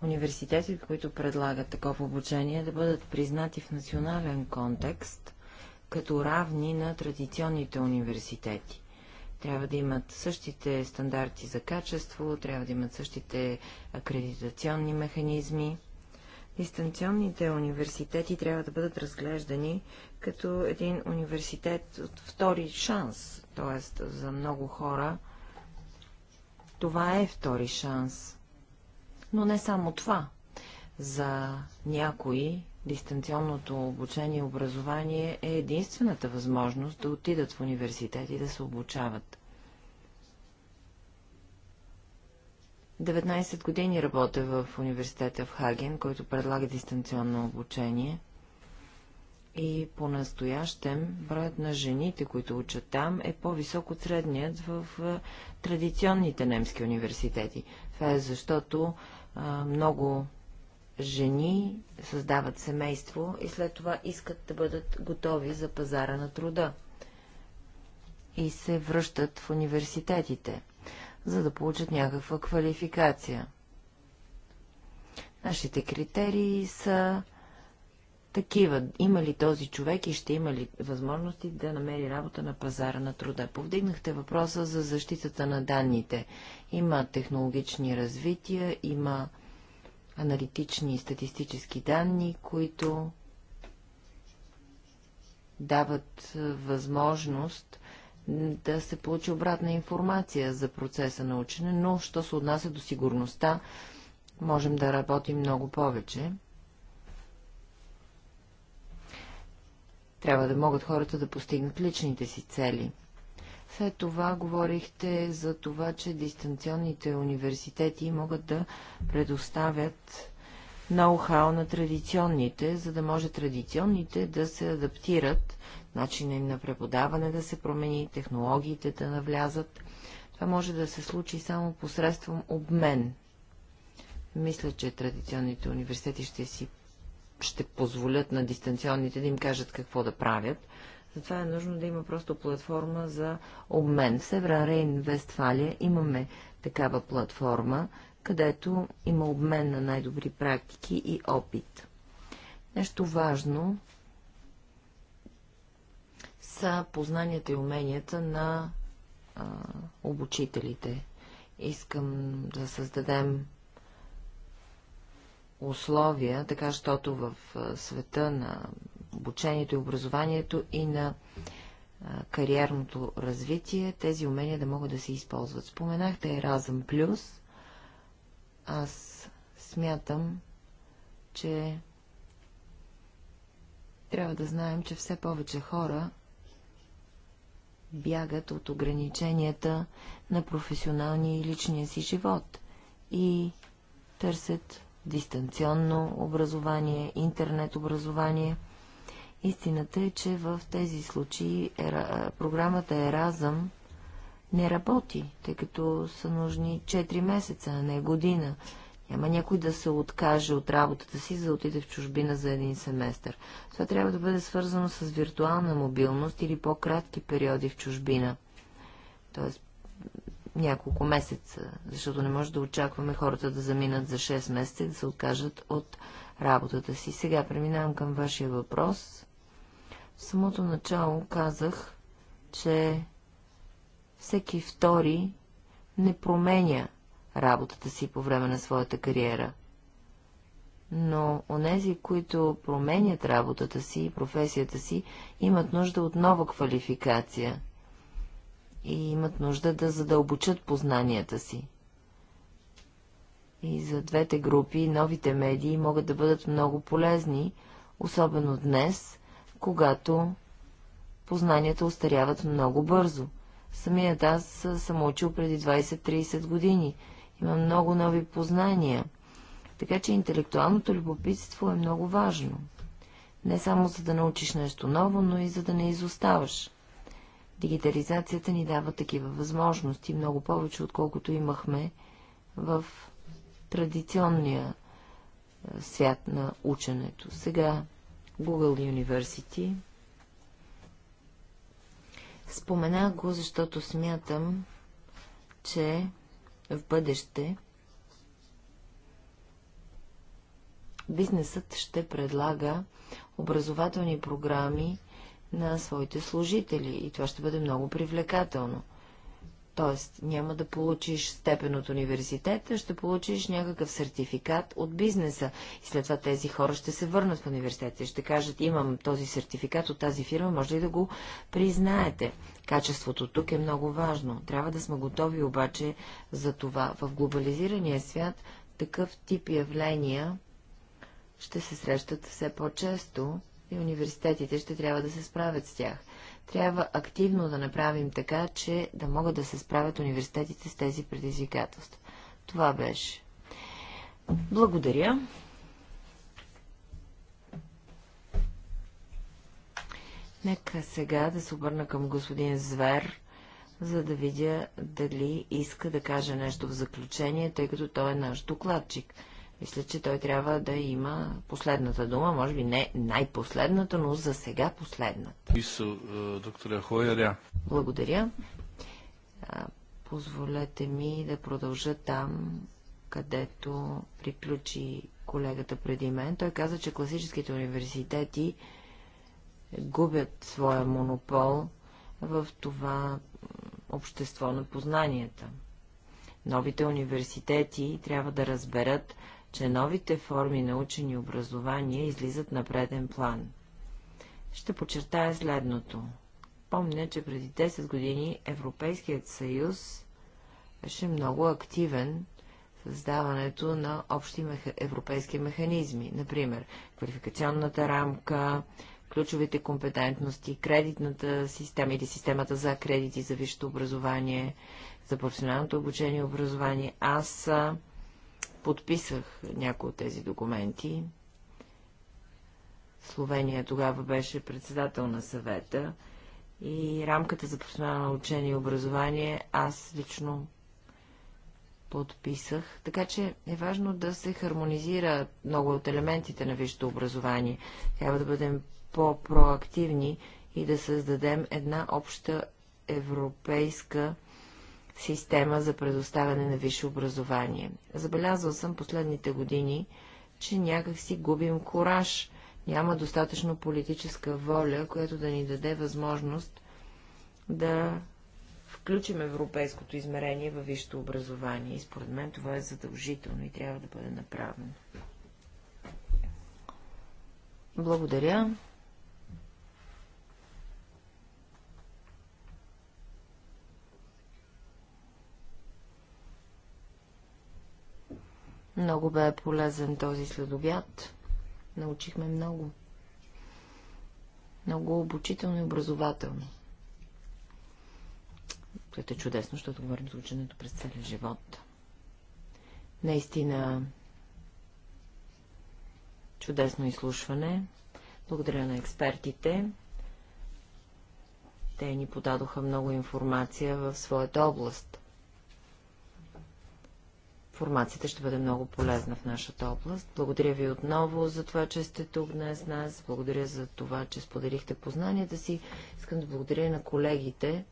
университети, които предлагат такова обучение, да бъдат признати в национален контекст като равни на традиционните университети. Трябва да имат същите стандарти за качество, трябва да имат същите акредитационни механизми. Дистанционните университети трябва да бъдат разглеждани като един университет от втори шанс, т.е. за много хора това е втори шанс но не само това. За някои дистанционното обучение и образование е единствената възможност да отидат в университет и да се обучават. 19 години работя в университета в Хаген, който предлага дистанционно обучение. И по-настоящем броят на жените, които учат там, е по-висок от средният в традиционните немски университети. Това е защото много жени създават семейство и след това искат да бъдат готови за пазара на труда и се връщат в университетите, за да получат някаква квалификация. Нашите критерии са такива. Има ли този човек и ще има ли възможности да намери работа на пазара на труда? Повдигнахте въпроса за защитата на данните има технологични развития, има аналитични и статистически данни, които дават възможност да се получи обратна информация за процеса на учене, но що се отнася до сигурността, можем да работим много повече. Трябва да могат хората да постигнат личните си цели – след това говорихте за това, че дистанционните университети могат да предоставят ноу-хау на традиционните, за да може традиционните да се адаптират, начинът им на преподаване да се промени, технологиите да навлязат. Това може да се случи само посредством обмен. Мисля, че традиционните университети ще си ще позволят на дистанционните да им кажат какво да правят, затова е нужно да има просто платформа за обмен. В Северен Рейн, Вестфалия имаме такава платформа, където има обмен на най-добри практики и опит. Нещо важно са познанията и уменията на а, обучителите. Искам да създадем условия, така защото в света на обучението и образованието и на кариерното развитие, тези умения да могат да се използват. Споменахте Еразъм Плюс. Аз смятам, че трябва да знаем, че все повече хора бягат от ограниченията на професионалния и личния си живот и търсят дистанционно образование, интернет образование – Истината е, че в тези случаи е, програмата Еразъм не работи, тъй като са нужни 4 месеца, а не година. Няма някой да се откаже от работата си, за да отиде в чужбина за един семестър. Това трябва да бъде свързано с виртуална мобилност или по-кратки периоди в чужбина. Тоест няколко месеца, защото не може да очакваме хората да заминат за 6 месеца и да се откажат от работата си. Сега преминавам към вашия въпрос. В самото начало казах, че всеки втори не променя работата си по време на своята кариера. Но онези, които променят работата си и професията си, имат нужда от нова квалификация и имат нужда да задълбочат познанията си. И за двете групи новите медии могат да бъдат много полезни, особено днес, когато познанията устаряват много бързо. Самият аз съм учил преди 20-30 години. Има много нови познания. Така че интелектуалното любопитство е много важно. Не само за да научиш нещо ново, но и за да не изоставаш. Дигитализацията ни дава такива възможности, много повече, отколкото имахме в традиционния свят на ученето. Сега Google University. Споменах го, защото смятам, че в бъдеще бизнесът ще предлага образователни програми на своите служители и това ще бъде много привлекателно. Т.е. няма да получиш степен от университета, ще получиш някакъв сертификат от бизнеса. И след това тези хора ще се върнат в университета и ще кажат, имам този сертификат от тази фирма, може ли да го признаете? Качеството тук е много важно. Трябва да сме готови обаче за това. В глобализирания свят такъв тип явления ще се срещат все по-често и университетите ще трябва да се справят с тях. Трябва активно да направим така, че да могат да се справят университетите с тези предизвикателства. Това беше. Благодаря. Нека сега да се обърна към господин Звер, за да видя дали иска да каже нещо в заключение, тъй като той е наш докладчик. Мисля, че той трябва да има последната дума, може би не най-последната, но за сега последната. Исо, е, доктора Хойеря. Благодаря. Позволете ми да продължа там, където приключи колегата преди мен. Той каза, че класическите университети губят своя монопол в това общество на познанията. Новите университети трябва да разберат, че новите форми на учени образование излизат на преден план. Ще подчертая следното. Помня, че преди 10 години Европейският съюз беше много активен в създаването на общи меха... европейски механизми, например квалификационната рамка, ключовите компетентности, кредитната система или системата за кредити за висшето образование, за професионалното обучение и образование. Аз подписах някои от тези документи. Словения тогава беше председател на съвета и рамката за професионално учение и образование аз лично подписах, така че е важно да се хармонизира много от елементите на висшето образование. Трябва да бъдем по-проактивни и да създадем една обща европейска система за предоставяне на висше образование. Забелязал съм последните години, че някак си губим кураж, няма достатъчно политическа воля, която да ни даде възможност да включим европейското измерение във висшето образование. И според мен това е задължително и трябва да бъде направено. Благодаря. Много бе полезен този следобят. Научихме много. Много обучително и образователно. Което е чудесно, защото говорим за ученето през целия живот. Наистина чудесно изслушване. Благодаря на експертите. Те ни подадоха много информация в своята област информацията ще бъде много полезна в нашата област. Благодаря ви отново за това, че сте тук днес с нас. Благодаря за това, че споделихте познанията си. Искам да благодаря на колегите,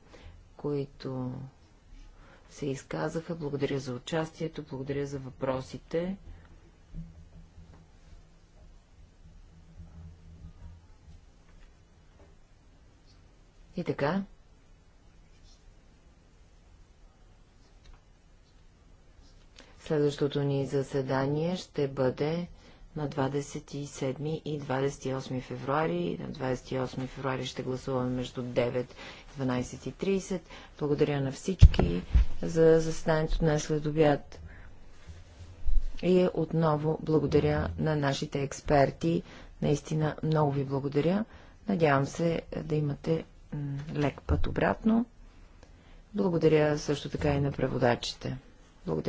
които се изказаха. Благодаря за участието, благодаря за въпросите. И така, Следващото ни заседание ще бъде на 27 и 28 февруари. На 28 февруари ще гласуваме между 9 и 12.30. Благодаря на всички за заседанието днес след обяд. И отново благодаря на нашите експерти. Наистина много ви благодаря. Надявам се да имате лек път обратно. Благодаря също така и на преводачите. Благодаря.